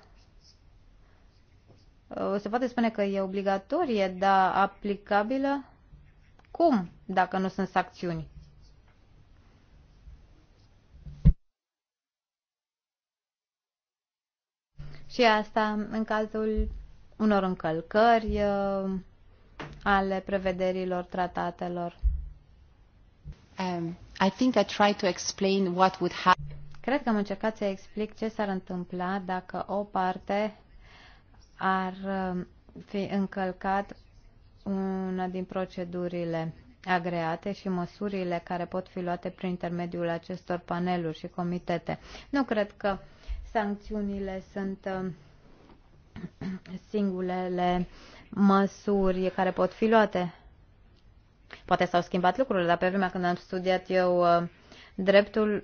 Uh, se poate spune că e obligatorie, dar aplicabilă? Cum, dacă nu sunt sancțiuni? Și asta în cazul unor încălcări uh, ale prevederilor tratatelor. Um, I think I tried to explain what would happen. Cred că am încercat să explic ce s-ar întâmpla dacă o parte ar um, fi încălcat una din procedurile agreate și măsurile care pot fi luate prin intermediul acestor paneluri și comitete. Nu cred că sancțiunile sunt um, singurele măsuri care pot fi luate. Poate s-au schimbat lucrurile, dar pe vremea când am studiat eu uh, dreptul,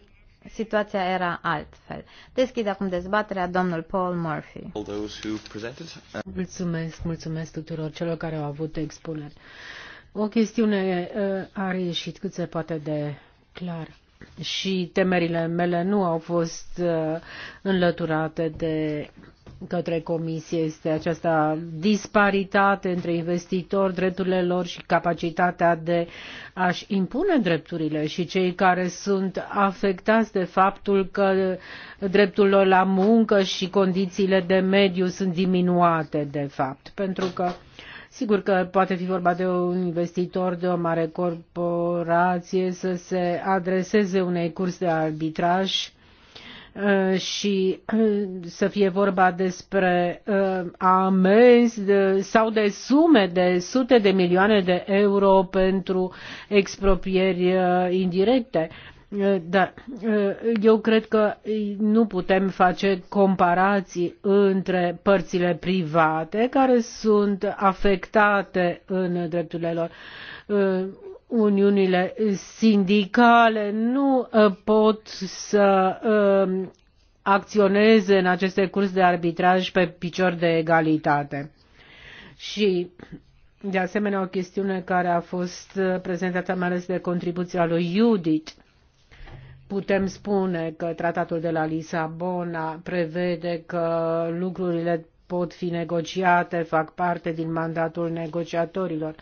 situația era altfel. Deschid acum dezbaterea domnul Paul Murphy. Uh, mulțumesc, mulțumesc tuturor celor care au avut expuneri. O chestiune uh, a ieșit cât se poate de clar și temerile mele nu au fost uh, înlăturate de către Comisie este această disparitate între investitori, drepturile lor și capacitatea de a-și impune drepturile și cei care sunt afectați de faptul că dreptul lor la muncă și condițiile de mediu sunt diminuate, de fapt, pentru că Sigur că poate fi vorba de un investitor, de o mare corporație, să se adreseze unei curs de arbitraj Eh, și eh, să fie vorba despre eh, amenzi sau de sume de sute de milioane de euro pentru expropieri indirecte. Da, eu cred că nu putem face comparații între părțile private care sunt afectate în drepturile lor uniunile sindicale nu uh, pot să um, acționeze în aceste curs de arbitraj pe picior de egalitate. Și de asemenea o chestiune care a fost uh, prezentată mai ales de contribuția lui Judith. Putem spune că tratatul de la Lisabona prevede că lucrurile pot fi negociate, fac parte din mandatul negociatorilor.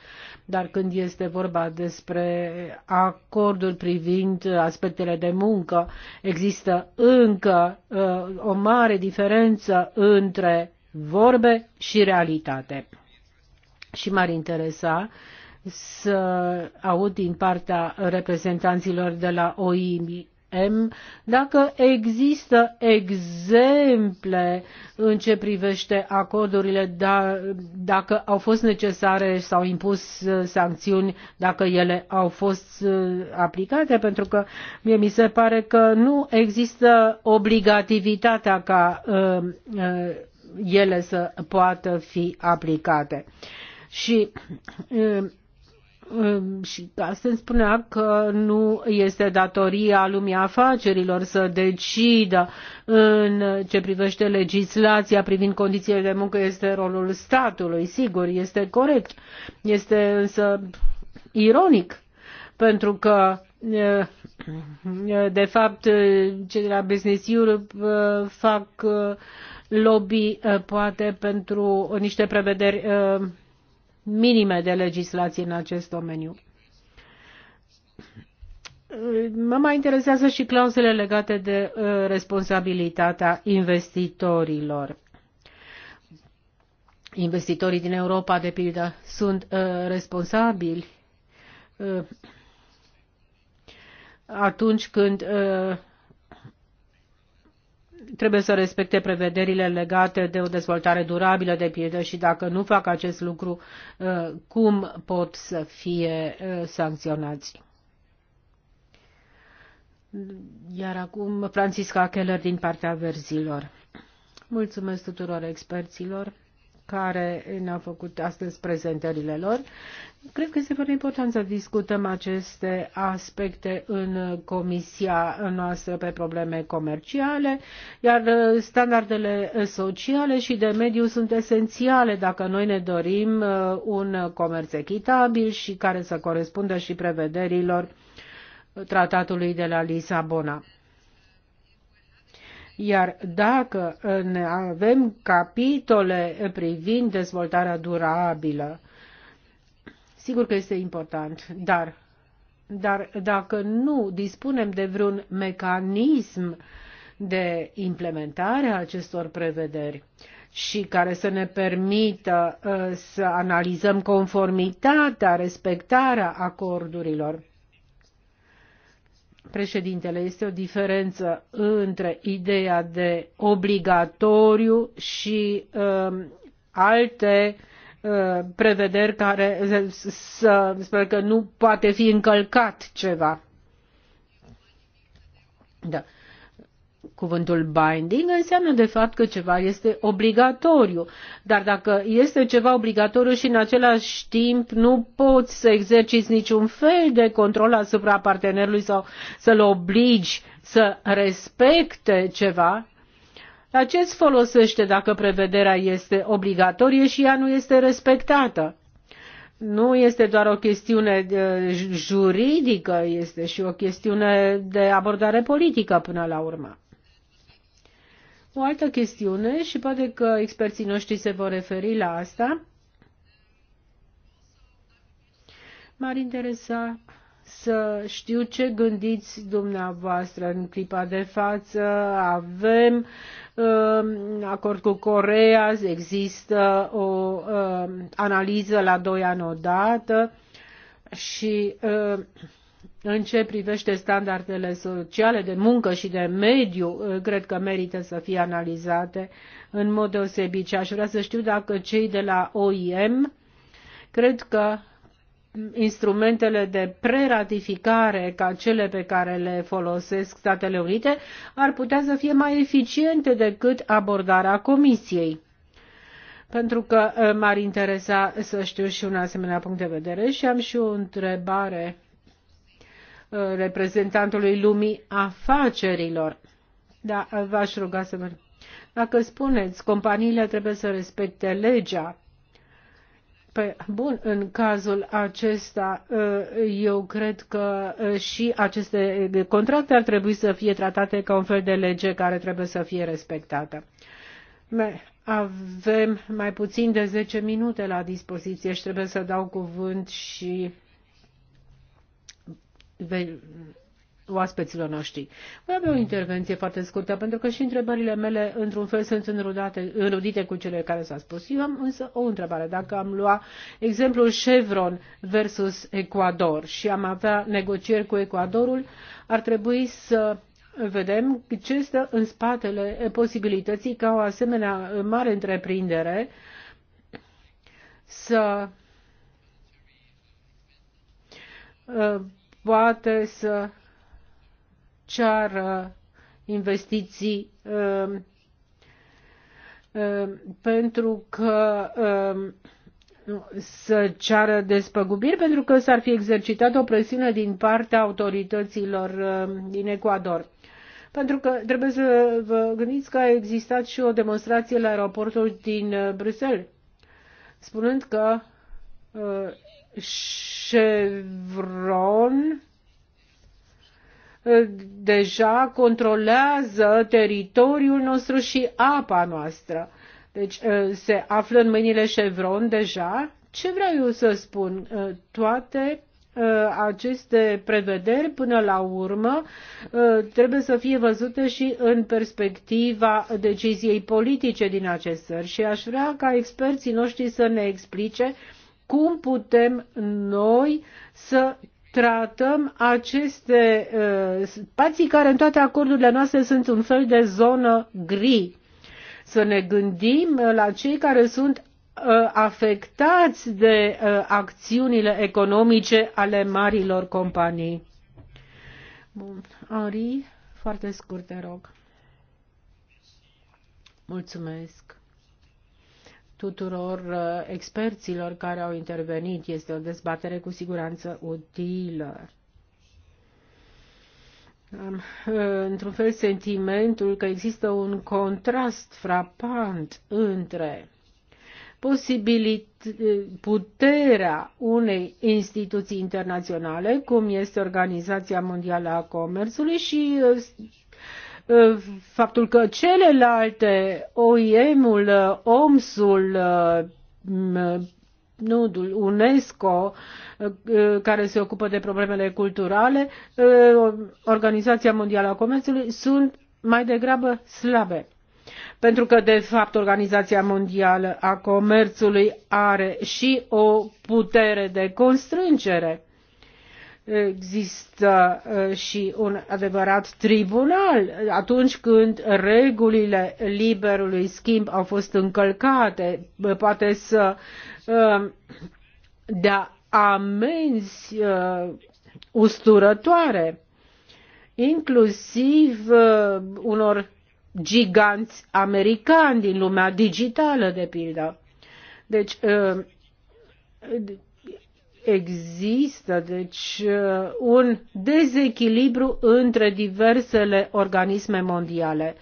Dar când este vorba despre acorduri privind aspectele de muncă, există încă uh, o mare diferență între vorbe și realitate. Și m-ar interesa să aud din partea reprezentanților de la OIM M, dacă există exemple în ce privește acordurile, da, dacă au fost necesare sau impus uh, sancțiuni, dacă ele au fost uh, aplicate, pentru că mie mi se pare că nu există obligativitatea ca uh, uh, ele să poată fi aplicate. Și uh, și Carsten spunea că nu este datoria lumii afacerilor să decidă în ce privește legislația privind condițiile de muncă este rolul statului. Sigur, este corect. Este însă ironic pentru că eh, de fapt cei de la Business Europe eh, fac eh, lobby poate pentru niște prevederi minime de legislație în acest domeniu. Mă mai interesează și clauzele legate de uh, responsabilitatea investitorilor. Investitorii din Europa, de pildă, sunt uh, responsabili uh, atunci când trebuie să respecte prevederile legate de o dezvoltare durabilă de pildă și dacă nu fac acest lucru, uh, cum pot să fie uh, sancționați. Iar acum Francisca Keller din partea verzilor. Mulțumesc tuturor experților care ne-au făcut astăzi prezentările lor. Cred că este foarte important să discutăm aceste aspecte în comisia noastră pe probleme comerciale, iar standardele sociale și de mediu sunt esențiale dacă noi ne dorim uh, un comerț echitabil și care să corespundă și prevederilor tratatului de la Lisabona. Iar dacă uh, ne avem capitole uh, privind dezvoltarea durabilă, sigur că este important, dar, dar dacă nu dispunem de vreun mecanism de implementare a acestor prevederi, și care să ne permită uh, să analizăm conformitatea, respectarea acordurilor președintele, este o diferență între ideea de obligatoriu și uh, alte uh, prevederi care să, sper că nu poate fi încălcat ceva. Da cuvântul binding înseamnă de fapt că ceva este obligatoriu. Dar dacă este ceva obligatoriu și în același timp nu poți să exerciți niciun fel de control asupra partenerului sau să-l obligi să respecte ceva, la ce îți folosește dacă prevederea este obligatorie și ea nu este respectată? nu este doar o chestiune juridică, este și o chestiune de abordare politică până la urmă. O altă chestiune, și poate că experții noștri se vor referi la asta, m-ar interesa să știu ce gândiți dumneavoastră în clipa de față. Avem um, acord cu Corea, există o um, analiză la doi ani odată și Um, în ce privește standardele sociale de muncă și de mediu, uh, cred că merită să fie analizate în mod deosebit și aș vrea să știu dacă cei de la OIM cred că instrumentele de preratificare ca cele pe care le folosesc Statele Unite ar putea să fie mai eficiente decât abordarea Comisiei. Pentru că uh, m-ar interesa să știu și un asemenea punct de vedere și am și o întrebare Uh, reprezentantului lumii afacerilor. Da, v-aș ruga să mă... Dacă spuneți, companiile trebuie să respecte legea, pe bun, în cazul acesta, uh, eu cred că uh, și aceste contracte ar trebui să fie tratate ca un fel de lege care trebuie să fie respectată. Avem mai puțin de 10 minute la dispoziție și trebuie să dau cuvânt și oaspeților noștri. Voi avea o mm. intervenție foarte scurtă, pentru că și întrebările mele, într-un fel, sunt înrudate, înrudite cu cele care s-a spus. Eu am însă o întrebare. Dacă am lua exemplul Chevron versus Ecuador și am avea negocieri cu Ecuadorul, ar trebui să vedem ce stă în spatele posibilității ca o asemenea mare întreprindere să uh, poate să ceară investiții um, um, pentru că um, să ceară despăgubiri pentru că s-ar fi exercitat o presiune din partea autorităților din Ecuador. Pentru că trebuie să vă gândiți că a existat și o demonstrație la aeroportul din uh, Bruxelles, spunând că uh, Chevron eh, deja controlează teritoriul nostru și apa noastră. Deci eh, se află în mâinile Chevron deja. Ce vreau eu să spun? Eh, toate aceste prevederi până la urmă trebuie să fie văzute și în perspectiva deciziei politice din acest țări și aș vrea ca experții noștri să ne explice uh, cum putem noi să tratăm aceste uh, spații care în toate acordurile noastre sunt un fel de zonă gri. Să ne gândim uh, la cei care sunt uh, afectați de uh, acțiunile economice ale marilor companii. Bun. Ari, foarte scurt, te rog. Mulțumesc tuturor uh, experților care au intervenit. Este o dezbatere cu siguranță utilă. Am, uh, într-un fel, sentimentul că există un contrast frapant între uh, puterea unei instituții internaționale, cum este Organizația Mondială a Comerțului, și Uh, faptul că celelalte, OIM-ul, uh, OMS-ul, uh, nudul UNESCO, care se ocupă de problemele culturale, Organizația Mondială a Comerțului, sunt mai degrabă slabe. Pentru că, de fapt, Organizația Mondială a Comerțului are și o putere de constrângere există uh, și un adevărat tribunal atunci când regulile liberului schimb au fost încălcate, poate să uh, dea amenzi uh, usturătoare, inclusiv unor giganți americani din lumea digitală, de pildă. Deci, există deci uh, un dezechilibru între diversele organisme mondiale.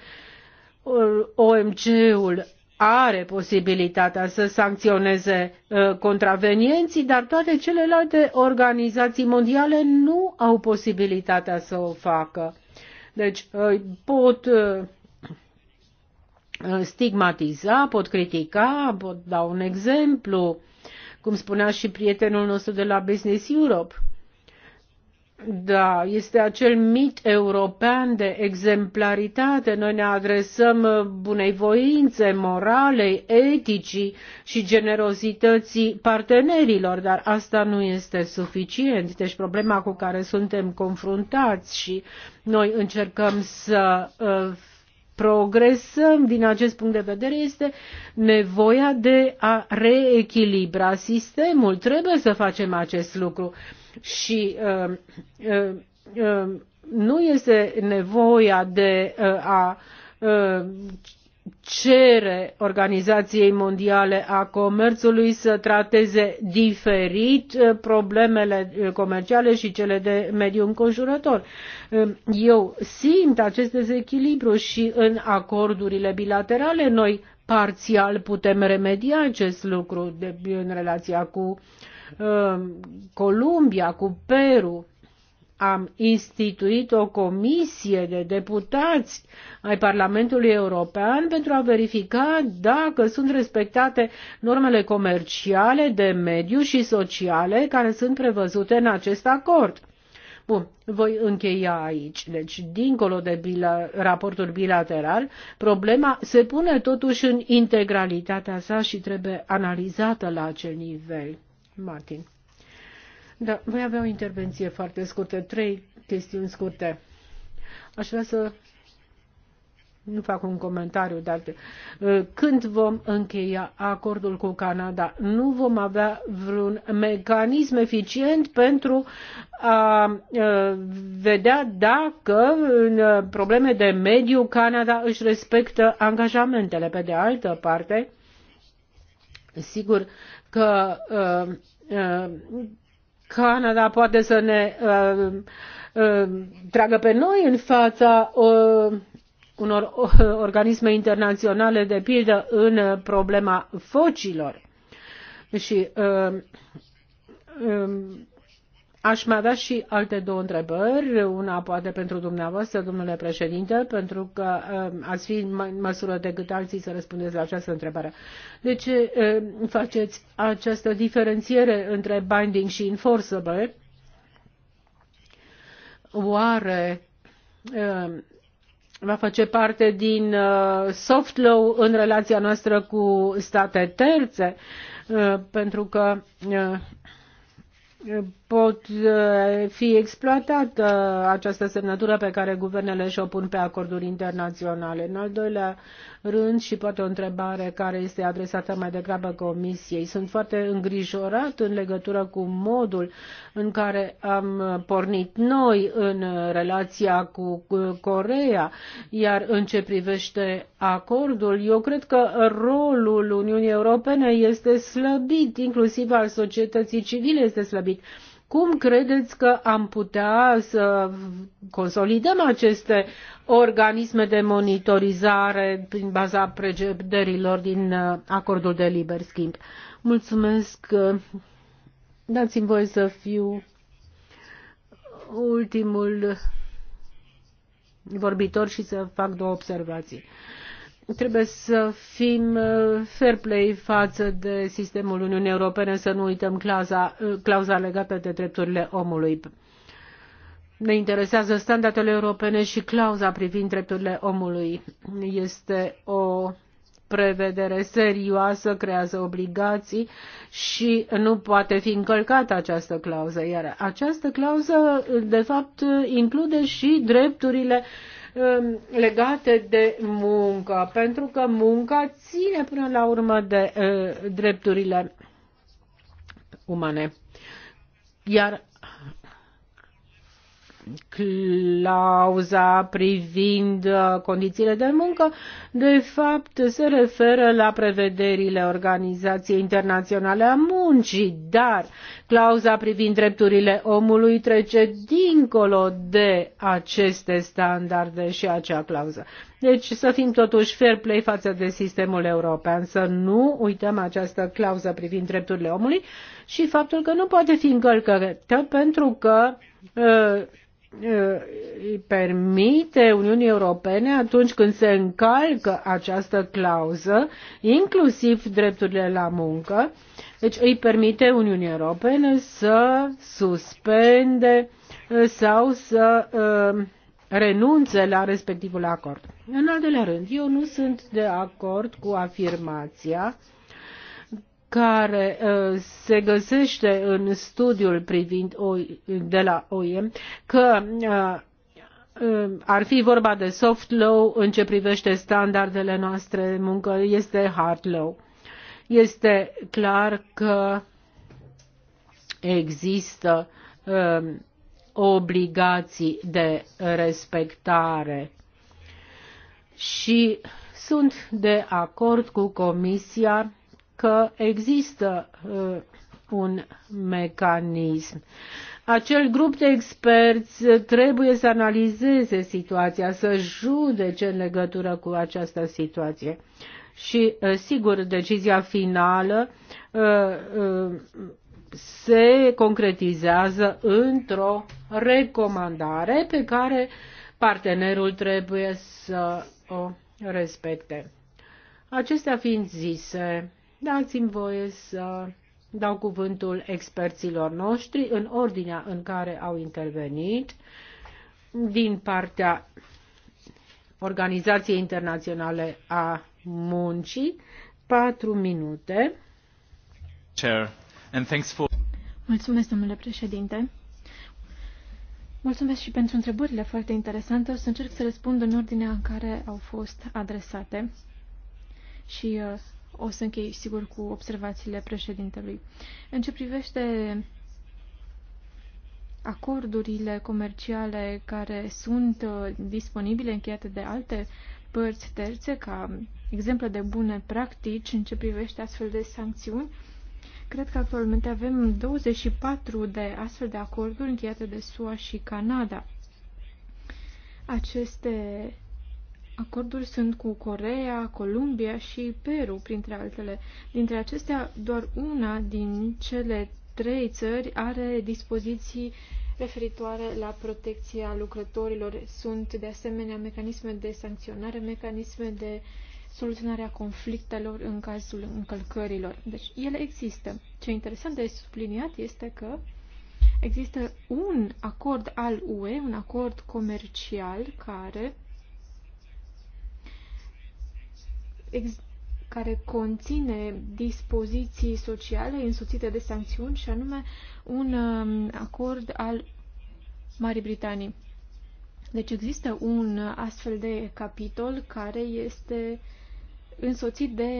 OMC-ul are posibilitatea să sancționeze uh, contravenienții, dar toate celelalte organizații mondiale nu au posibilitatea să o facă. Deci uh, pot stigmatiza, pot critica, pot da un exemplu cum spunea și prietenul nostru de la Business Europe. Da, este acel mit european de exemplaritate. Noi ne adresăm bunei voințe, moralei, eticii și generozității partenerilor, dar asta nu este suficient. Deci problema cu care suntem confruntați și noi încercăm să uh, progresăm din acest punct de vedere este nevoia de a reechilibra sistemul. Trebuie să facem acest lucru și uh, uh, uh, nu este nevoia de uh, a uh, cere Organizației Mondiale a Comerțului să trateze diferit eh, problemele eh, comerciale și cele de mediu înconjurător. Ehm, eu simt acest dezechilibru și în acordurile bilaterale noi parțial putem remedia acest lucru de, în relația cu uh, Columbia, cu Peru am instituit o comisie de deputați ai Parlamentului European pentru a verifica dacă sunt respectate normele comerciale, de mediu și sociale care sunt prevăzute în acest acord. Bun, voi încheia aici. Deci, dincolo de bila, raportul bilateral, problema se pune totuși în integralitatea sa și trebuie analizată la acel nivel. Martin. Da, voi avea o intervenție foarte scurtă, trei chestiuni scurte. Aș vrea să nu fac un comentariu, dar uh, când vom încheia acordul cu Canada, nu vom avea vreun mecanism eficient pentru a uh, vedea dacă în uh, probleme de mediu Canada își respectă angajamentele. Pe de altă parte, sigur că Canada poate să ne uh, uh, tragă pe noi în fața uh, unor uh, organisme internaționale, de pildă în problema focilor. Și uh, uh, Aș mai avea și alte două întrebări, una poate pentru dumneavoastră, domnule președinte, pentru că uh, ați fi în măsură decât alții să răspundeți la această întrebare. De ce uh, faceți această diferențiere între binding și enforceable? Oare uh, va face parte din soft law în relația noastră cu state terțe? Pentru că pot uh, fi exploatată această semnătură pe care guvernele și-o pun pe acorduri internaționale. În al doilea rând, și poate o întrebare care este adresată mai degrabă Comisiei, sunt foarte îngrijorat în legătură cu modul în care am pornit noi în relația cu Corea, iar în ce privește acordul, eu cred că rolul Uniunii Europene este slăbit, inclusiv al societății civile este slăbit cum credeți că am putea să consolidăm aceste organisme de monitorizare prin baza precederilor din uh, acordul de liber schimb? Mulțumesc. Dați-mi voie să fiu ultimul vorbitor și să fac două observații trebuie să fim uh, fair play față de sistemul Uniunii Europene, să nu uităm clauza, uh, clauza legată de drepturile omului. Ne interesează standardele europene și clauza privind drepturile omului. Este o prevedere serioasă, creează obligații și nu poate fi încălcată această clauză. Iar această clauză, de fapt, include și drepturile uh, Um, legate de muncă, pentru că munca ține până la urmă de uh, drepturile umane. Iar clauza privind uh, condițiile de muncă, de fapt se referă la prevederile Organizației Internaționale a Muncii, dar clauza privind drepturile omului trece dincolo de aceste standarde și acea clauză. Deci să fim totuși fair play față de sistemul european, să nu uităm această clauză privind drepturile omului și faptul că nu poate fi încălcată pentru că uh, Uh, îi permite Uniunii Europene atunci când se încalcă această clauză, inclusiv drepturile la muncă, deci îi permite Uniunii Europene să suspende uh, sau să uh, renunțe la respectivul acord. În al doilea rând, eu nu sunt de acord cu afirmația care uh, se găsește în studiul privind de la OIM că uh, uh, ar fi vorba de soft law în ce privește standardele noastre de muncă, este hard law. Este clar că există um, obligații de respectare și sunt de acord cu Comisia că există uh, un mecanism. Acel grup de experți trebuie să analizeze situația, să judece în legătură cu această situație. Și, uh, sigur, decizia finală uh, se concretizează într-o recomandare pe care partenerul trebuie să o respecte. Acestea fiind zise, Dați-mi voie să dau cuvântul experților noștri în ordinea în care au intervenit din partea Organizației Internaționale a Muncii. Patru minute. Chair, and thanks for... Mulțumesc, domnule președinte. Mulțumesc și pentru întrebările foarte interesante. O să încerc să răspund în ordinea în care au fost adresate și uh, o să închei, sigur, cu observațiile președintelui. În ce privește acordurile comerciale care sunt uh, disponibile, încheiate de alte părți terțe, ca exemplu de bune practici în ce privește astfel de sancțiuni, cred că actualmente avem 24 de astfel de acorduri încheiate de SUA și Canada. Aceste Acorduri sunt cu Corea, Columbia și Peru, printre altele. Dintre acestea, doar una din cele trei țări are dispoziții referitoare la protecția lucrătorilor. Sunt, de asemenea, mecanisme de sancționare, mecanisme de soluționarea conflictelor în cazul încălcărilor. Deci, ele există. Ce interesant de subliniat este că există un acord al UE, un acord comercial care care conține dispoziții sociale însoțite de sancțiuni și anume un um, acord al Marii Britanii. Deci există un astfel de capitol care este însoțit de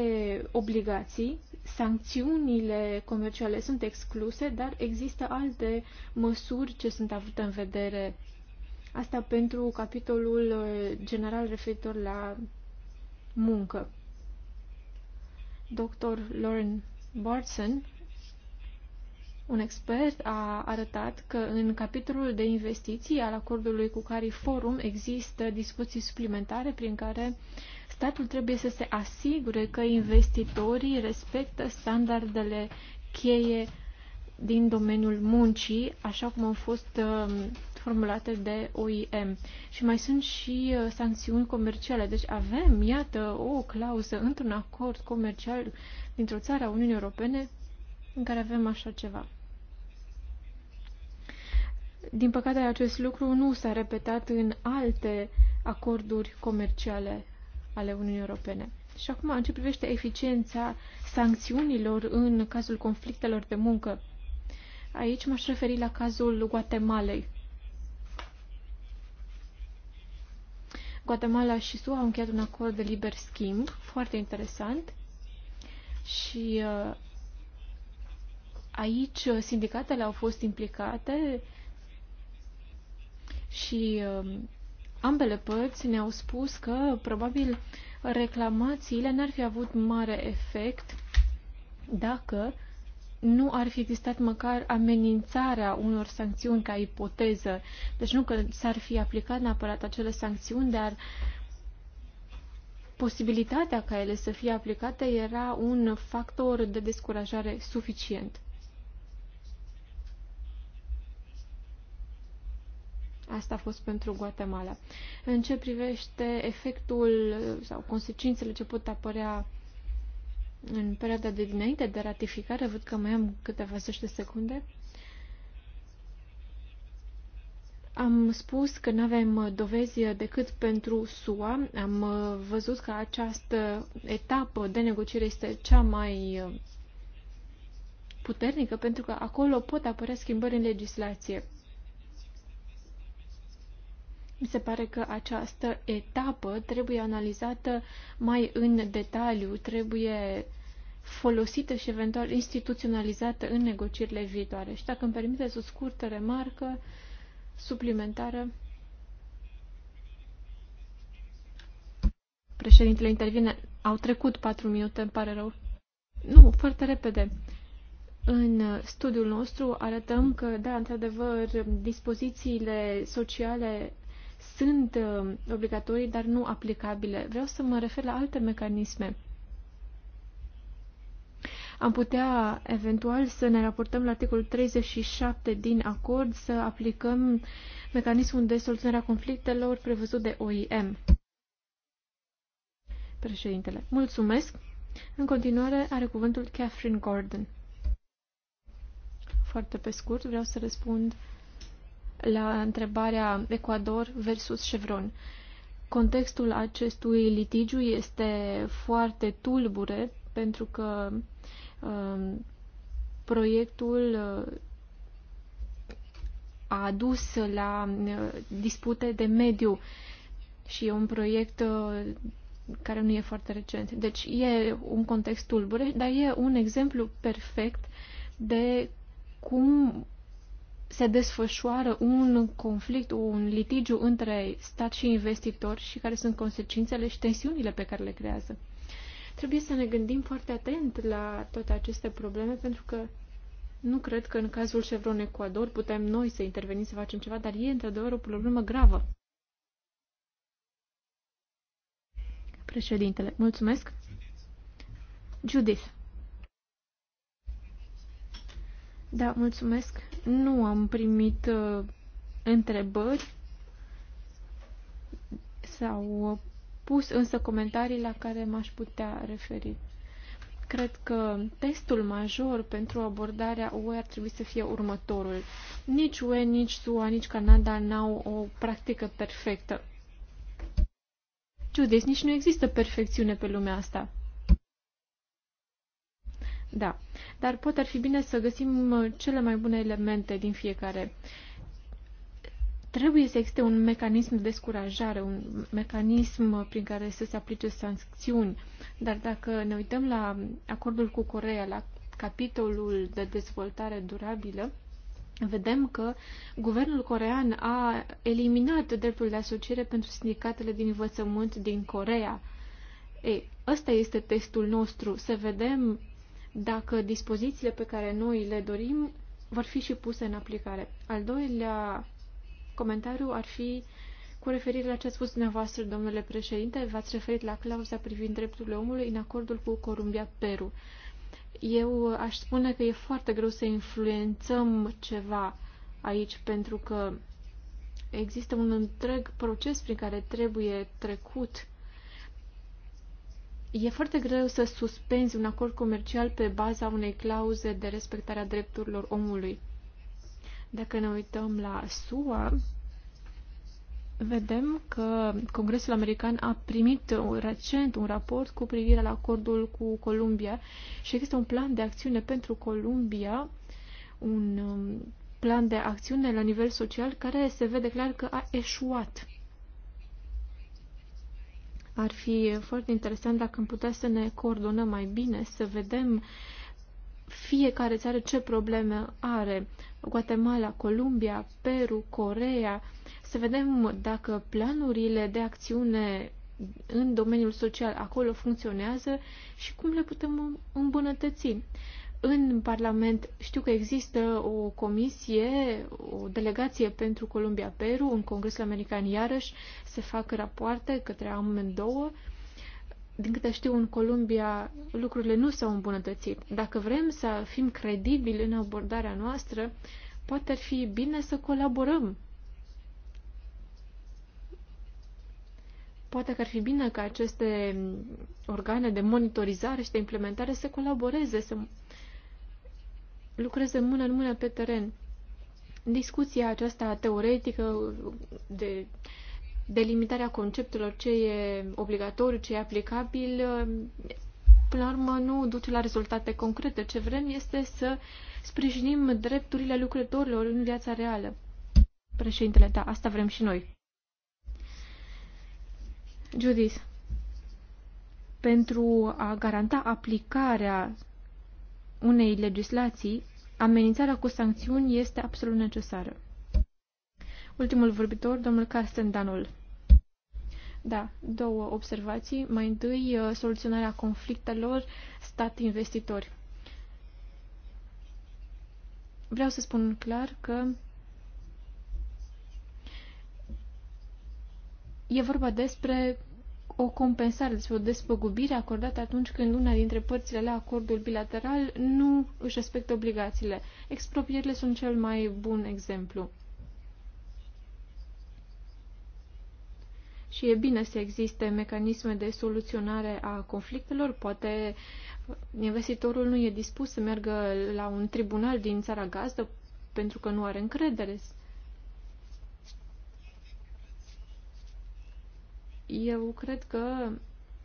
obligații. Sancțiunile comerciale sunt excluse, dar există alte măsuri ce sunt avute în vedere. Asta pentru capitolul uh, general referitor la muncă. Dr. Lauren Bartson, un expert, a arătat că în capitolul de investiții al acordului cu forum există discuții suplimentare prin care statul trebuie să se asigure că investitorii respectă standardele cheie din domeniul muncii, așa cum au fost um, formulate de OIM. Și mai sunt și uh, sancțiuni comerciale. Deci avem, iată, o clauză într-un acord comercial dintr-o țară a Uniunii Europene în care avem așa ceva. Din păcate, acest lucru nu s-a repetat în alte acorduri comerciale ale Uniunii Europene. Și acum, în ce privește eficiența sancțiunilor în cazul conflictelor de muncă, aici m-aș referi la cazul Guatemalei. Guatemala și SUA au încheiat un acord de liber schimb foarte interesant și uh, aici uh, sindicatele au fost implicate și um, ambele părți ne-au spus că probabil reclamațiile n-ar fi avut mare efect dacă nu ar fi existat măcar amenințarea unor sancțiuni ca ipoteză. Deci nu că s-ar fi aplicat neapărat acele sancțiuni, dar posibilitatea ca ele să fie aplicate era un factor de descurajare suficient. Asta a fost pentru Guatemala. În ce privește efectul sau consecințele ce pot apărea în perioada de dinainte de ratificare, văd că mai am câteva zeci secunde, am spus că nu avem dovezi decât pentru SUA. Am văzut că această etapă de negociere este cea mai puternică pentru că acolo pot apărea schimbări în legislație. Mi se pare că această etapă trebuie analizată mai în detaliu, trebuie folosită și eventual instituționalizată în negocierile viitoare. Și dacă îmi permiteți o scurtă remarcă suplimentară, președintele intervine. Au trecut patru minute, îmi pare rău. Nu, foarte repede. În studiul nostru arătăm că, da, într-adevăr, dispozițiile sociale sunt uh, obligatorii, dar nu aplicabile. Vreau să mă refer la alte mecanisme. Am putea eventual să ne raportăm la articolul 37 din acord să aplicăm mecanismul de soluționare a conflictelor prevăzut de OIM. Președintele, mulțumesc. În continuare are cuvântul Catherine Gordon. Foarte pe scurt vreau să răspund la întrebarea Ecuador versus Chevron. Contextul acestui litigiu este foarte tulbure pentru că Um, proiectul uh, a adus la uh, dispute de mediu și e un proiect uh, care nu e foarte recent. Deci e un context tulbure, dar e un exemplu perfect de cum se desfășoară un conflict, un litigiu între stat și investitor și care sunt consecințele și tensiunile pe care le creează. Trebuie să ne gândim foarte atent la toate aceste probleme, pentru că nu cred că în cazul Chevron Ecuador putem noi să intervenim, să facem ceva, dar e într-adevăr o problemă gravă. Președintele, mulțumesc. Judith. Da, mulțumesc. Nu am primit uh, întrebări sau uh, pus însă comentarii la care m-aș putea referi. Cred că testul major pentru abordarea UE ar trebui să fie următorul. Nici UE, nici SUA, nici Canada n-au o practică perfectă. Ciudeș, nici nu există perfecțiune pe lumea asta. Da, dar poate ar fi bine să găsim cele mai bune elemente din fiecare. Uh, Trebuie să existe un mecanism de descurajare, un mecanism prin care să se aplice sancțiuni. Dar dacă ne uităm la acordul cu Corea, la capitolul de dezvoltare durabilă, vedem că guvernul corean a eliminat dreptul de asociere pentru sindicatele din învățământ din Corea. Ei, ăsta este testul nostru, să vedem dacă dispozițiile pe care noi le dorim vor fi și puse în aplicare. Al doilea comentariu ar fi cu referire la ce a spus dumneavoastră, domnule președinte, v-ați referit la clauza privind drepturile omului în acordul cu Columbia-Peru. Eu aș spune că e foarte greu să influențăm ceva aici, pentru că există un întreg proces prin care trebuie trecut. E foarte greu să suspenzi un acord comercial pe baza unei clauze de respectare a drepturilor omului. Dacă ne uităm la SUA, vedem că Congresul American a primit recent un raport cu privire la acordul cu Columbia și există un plan de acțiune pentru Columbia, un um, plan de acțiune la nivel social care se vede clar că a eșuat. Ar fi foarte interesant dacă am putea să ne coordonăm mai bine, să vedem uh, fiecare țară ce probleme are. Guatemala, Columbia, Peru, Corea. Să vedem dacă planurile de acțiune în domeniul social acolo funcționează și cum le putem îmbunătăți. În Parlament știu că există o comisie, o delegație pentru Columbia-Peru, în Congresul American iarăși se fac rapoarte către amândouă. două din câte știu, în Columbia lucrurile nu s-au îmbunătățit. Dacă vrem să fim credibili în abordarea noastră, poate ar fi bine să colaborăm. Poate că ar fi bine ca aceste organe de monitorizare și de implementare să colaboreze, să lucreze mână în mână pe teren. Discuția aceasta teoretică de uh, delimitarea conceptelor, ce e obligatoriu, ce e aplicabil, până la urmă nu duce la rezultate concrete. Ce vrem este să sprijinim drepturile lucrătorilor în viața reală. Președintele, da, asta vrem și noi. Judith, pentru a garanta aplicarea unei legislații, amenințarea cu sancțiuni este absolut necesară. Ultimul vorbitor, domnul Danul. Da, două observații. Mai întâi, uh, soluționarea conflictelor stat-investitori. Vreau să spun clar că e vorba despre o compensare, despre o despăgubire acordată atunci când una dintre părțile la acordul bilateral nu își respectă obligațiile. Expropierile sunt cel mai bun exemplu. Și e bine să existe mecanisme de soluționare a conflictelor. Poate investitorul nu e dispus să meargă la un tribunal din țara gazdă pentru că nu are încredere. Eu cred că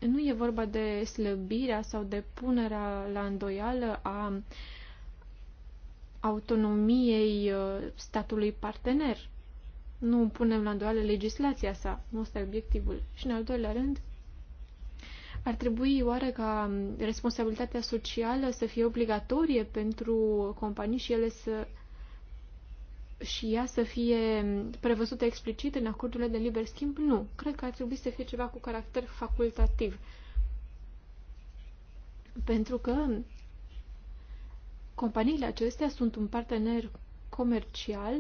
nu e vorba de slăbirea sau de punerea la îndoială a autonomiei uh, statului partener nu punem la îndoială legislația sa. Nu ăsta e obiectivul. Și în al doilea rând, ar trebui oare ca responsabilitatea socială să fie obligatorie pentru companii și ele să și ea să fie prevăzută explicit în acordurile de liber schimb? Nu. Cred că ar trebui să fie ceva cu caracter facultativ. Pentru că companiile acestea sunt un partener comercial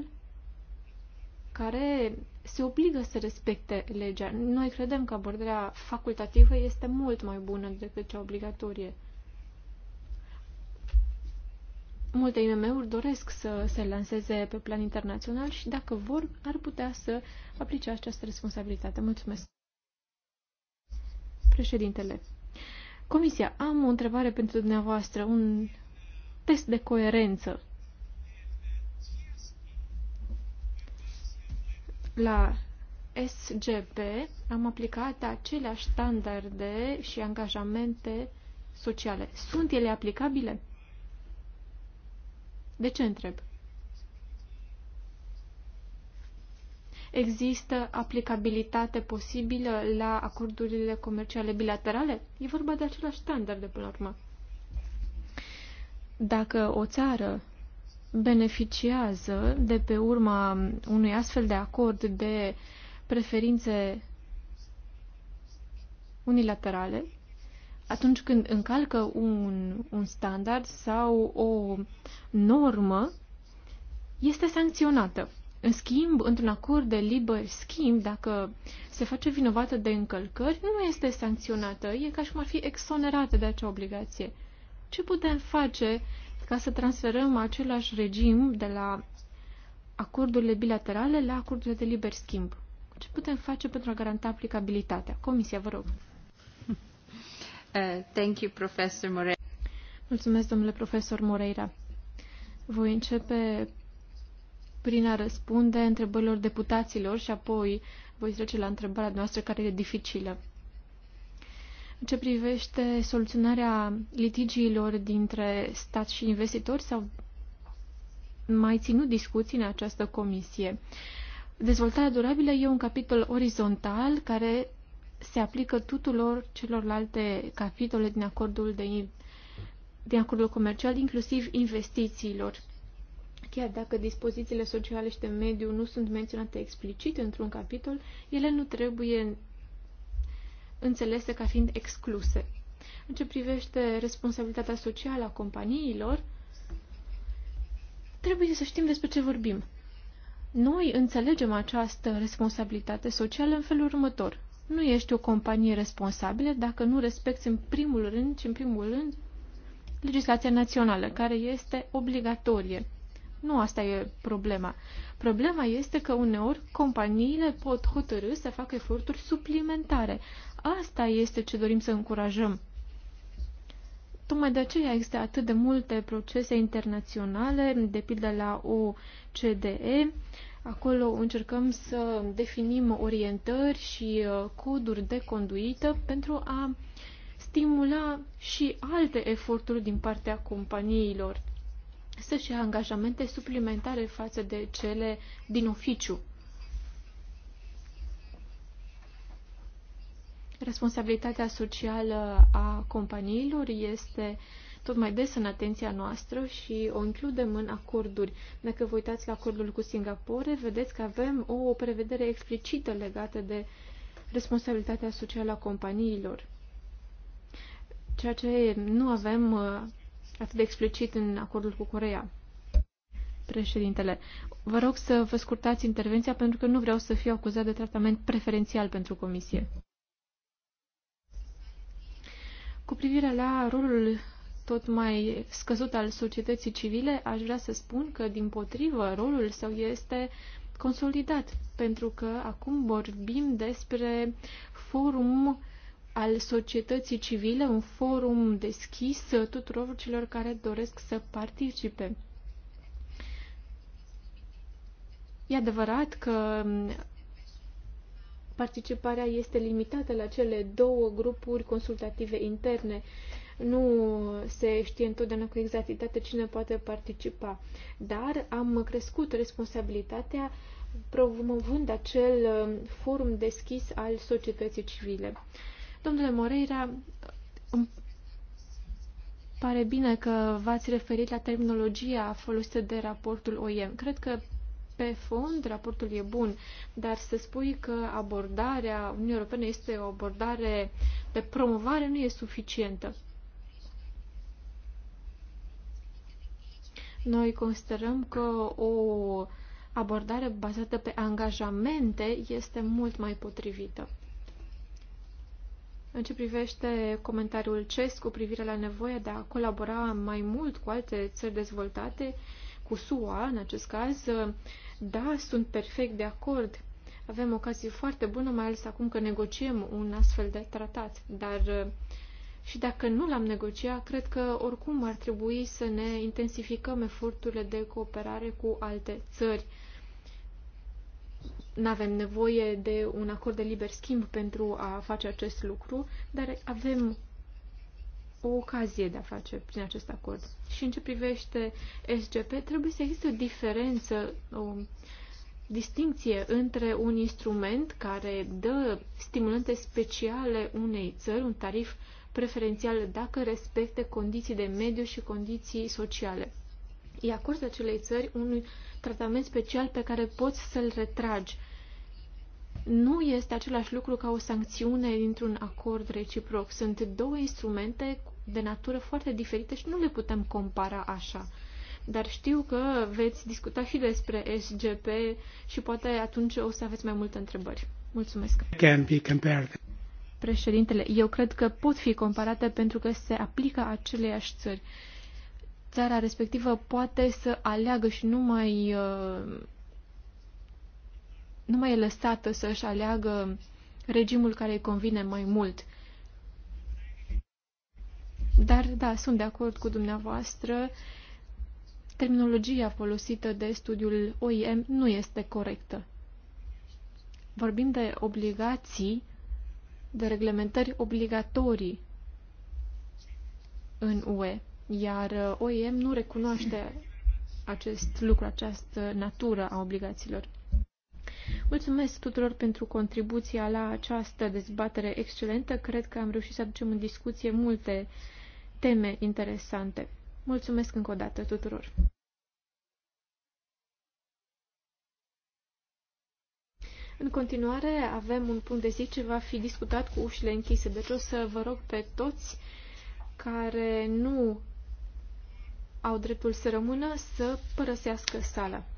care se obligă să respecte legea. Noi credem că abordarea facultativă este mult mai bună decât cea obligatorie. Multe IMM-uri doresc să se lanseze pe plan internațional și, dacă vor, ar putea să aplice această responsabilitate. Mulțumesc. Președintele, Comisia, am o întrebare pentru dumneavoastră, un test de coerență La SGP am aplicat aceleași standarde și angajamente sociale. Sunt ele aplicabile? De ce întreb? Există aplicabilitate posibilă la acordurile comerciale bilaterale? E vorba de același standard de până la urmă. Dacă o țară beneficiază de pe urma unui astfel de acord de preferințe unilaterale atunci când încalcă un, un standard sau o normă, este sancționată. În schimb, într-un acord de liber schimb, dacă se face vinovată de încălcări, nu este sancționată, e ca și cum ar fi exonerată de acea obligație. Ce putem face ca să transferăm același regim de la acordurile bilaterale la acordurile de liber schimb. Ce putem face pentru a garanta aplicabilitatea? Comisia, vă rog. Uh, thank you, Professor Moreira. Mulțumesc, domnule profesor Moreira. Voi începe prin a răspunde întrebărilor deputaților și apoi voi trece la întrebarea noastră care e dificilă ce privește soluționarea litigiilor dintre stat și investitori, s-au mai ținut discuții în această comisie. Dezvoltarea durabilă e un capitol orizontal care se aplică tuturor celorlalte capitole din acordul, de, din acordul comercial, inclusiv investițiilor. Chiar dacă dispozițiile sociale și de mediu nu sunt menționate explicit într-un capitol, ele nu trebuie înțelese ca fiind excluse. În ce privește responsabilitatea socială a companiilor, trebuie să știm despre ce vorbim. Noi înțelegem această responsabilitate socială în felul următor. Nu ești o companie responsabilă dacă nu respecti în primul rând și în primul rând legislația națională, care este obligatorie. Nu asta e problema. Problema este că uneori companiile pot hotărâ să facă eforturi suplimentare, Asta este ce dorim să încurajăm. Tocmai de aceea există atât de multe procese internaționale, de pildă la OCDE. Acolo încercăm să definim orientări și uh, coduri de conduită pentru a stimula și alte eforturi din partea companiilor să-și ia angajamente suplimentare față de cele din oficiu. Responsabilitatea socială a companiilor este tot mai des în atenția noastră și o includem în acorduri. Dacă vă uitați la acordul cu Singapore, vedeți că avem o prevedere explicită legată de responsabilitatea socială a companiilor. Ceea ce nu avem uh, atât de explicit în acordul cu Corea. Președintele, vă rog să vă scurtați intervenția pentru că nu vreau să fiu acuzat de tratament preferențial pentru comisie. Cu privire la rolul tot mai scăzut al societății civile, aș vrea să spun că, din potrivă, rolul său este consolidat, pentru că acum vorbim despre forum al societății civile, un forum deschis tuturor celor care doresc să participe. E adevărat că participarea este limitată la cele două grupuri consultative interne. Nu se știe întotdeauna cu exactitate cine poate participa, dar am crescut responsabilitatea promovând acel um, forum deschis al societății civile. Domnule Moreira, îmi pare bine că v-ați referit la terminologia folosită de raportul OIM. Cred că pe fond, raportul e bun, dar să spui că abordarea Uniunii Europene este o abordare de promovare nu e suficientă. Noi considerăm că o abordare bazată pe angajamente este mult mai potrivită. În ce privește comentariul CES cu privire la nevoia de a colabora mai mult cu alte țări dezvoltate, cu SUA în acest caz, da, sunt perfect de acord. Avem ocazie foarte bună, mai ales acum că negociem un astfel de tratat. Dar uh, și dacă nu l-am negociat, cred că oricum ar trebui să ne intensificăm eforturile de cooperare cu alte țări. Nu avem nevoie de un acord de liber schimb pentru a face acest lucru, dar avem o ocazie de a face prin acest acord. Și în ce privește SGP, trebuie să existe o diferență, o distinție între un instrument care dă stimulante speciale unei țări, un tarif preferențial dacă respecte condiții de mediu și condiții sociale. E acordul acelei țări un tratament special pe care poți să-l retragi. Nu este același lucru ca o sancțiune dintr-un acord reciproc. Sunt două instrumente de natură foarte diferite și nu le putem compara așa. Dar știu că veți discuta și despre SGP și poate atunci o să aveți mai multe întrebări. Mulțumesc. Can be compared. Președintele, eu cred că pot fi comparate pentru că se aplică aceleiași țări. Țara respectivă poate să aleagă și nu mai, uh, nu mai e lăsată să-și aleagă regimul care îi convine mai mult. Dar, da, sunt de acord cu dumneavoastră. Terminologia folosită de studiul OIM nu este corectă. Vorbim de obligații, de reglementări obligatorii în UE, iar OIM nu recunoaște acest lucru, această natură a obligațiilor. Mulțumesc tuturor pentru contribuția la această dezbatere excelentă. Cred că am reușit să aducem în discuție multe uh, teme interesante. Mulțumesc încă o dată tuturor! În continuare, avem un punct de zi ce va fi discutat cu ușile închise, deci o să vă rog pe toți care nu au dreptul să rămână să părăsească sala.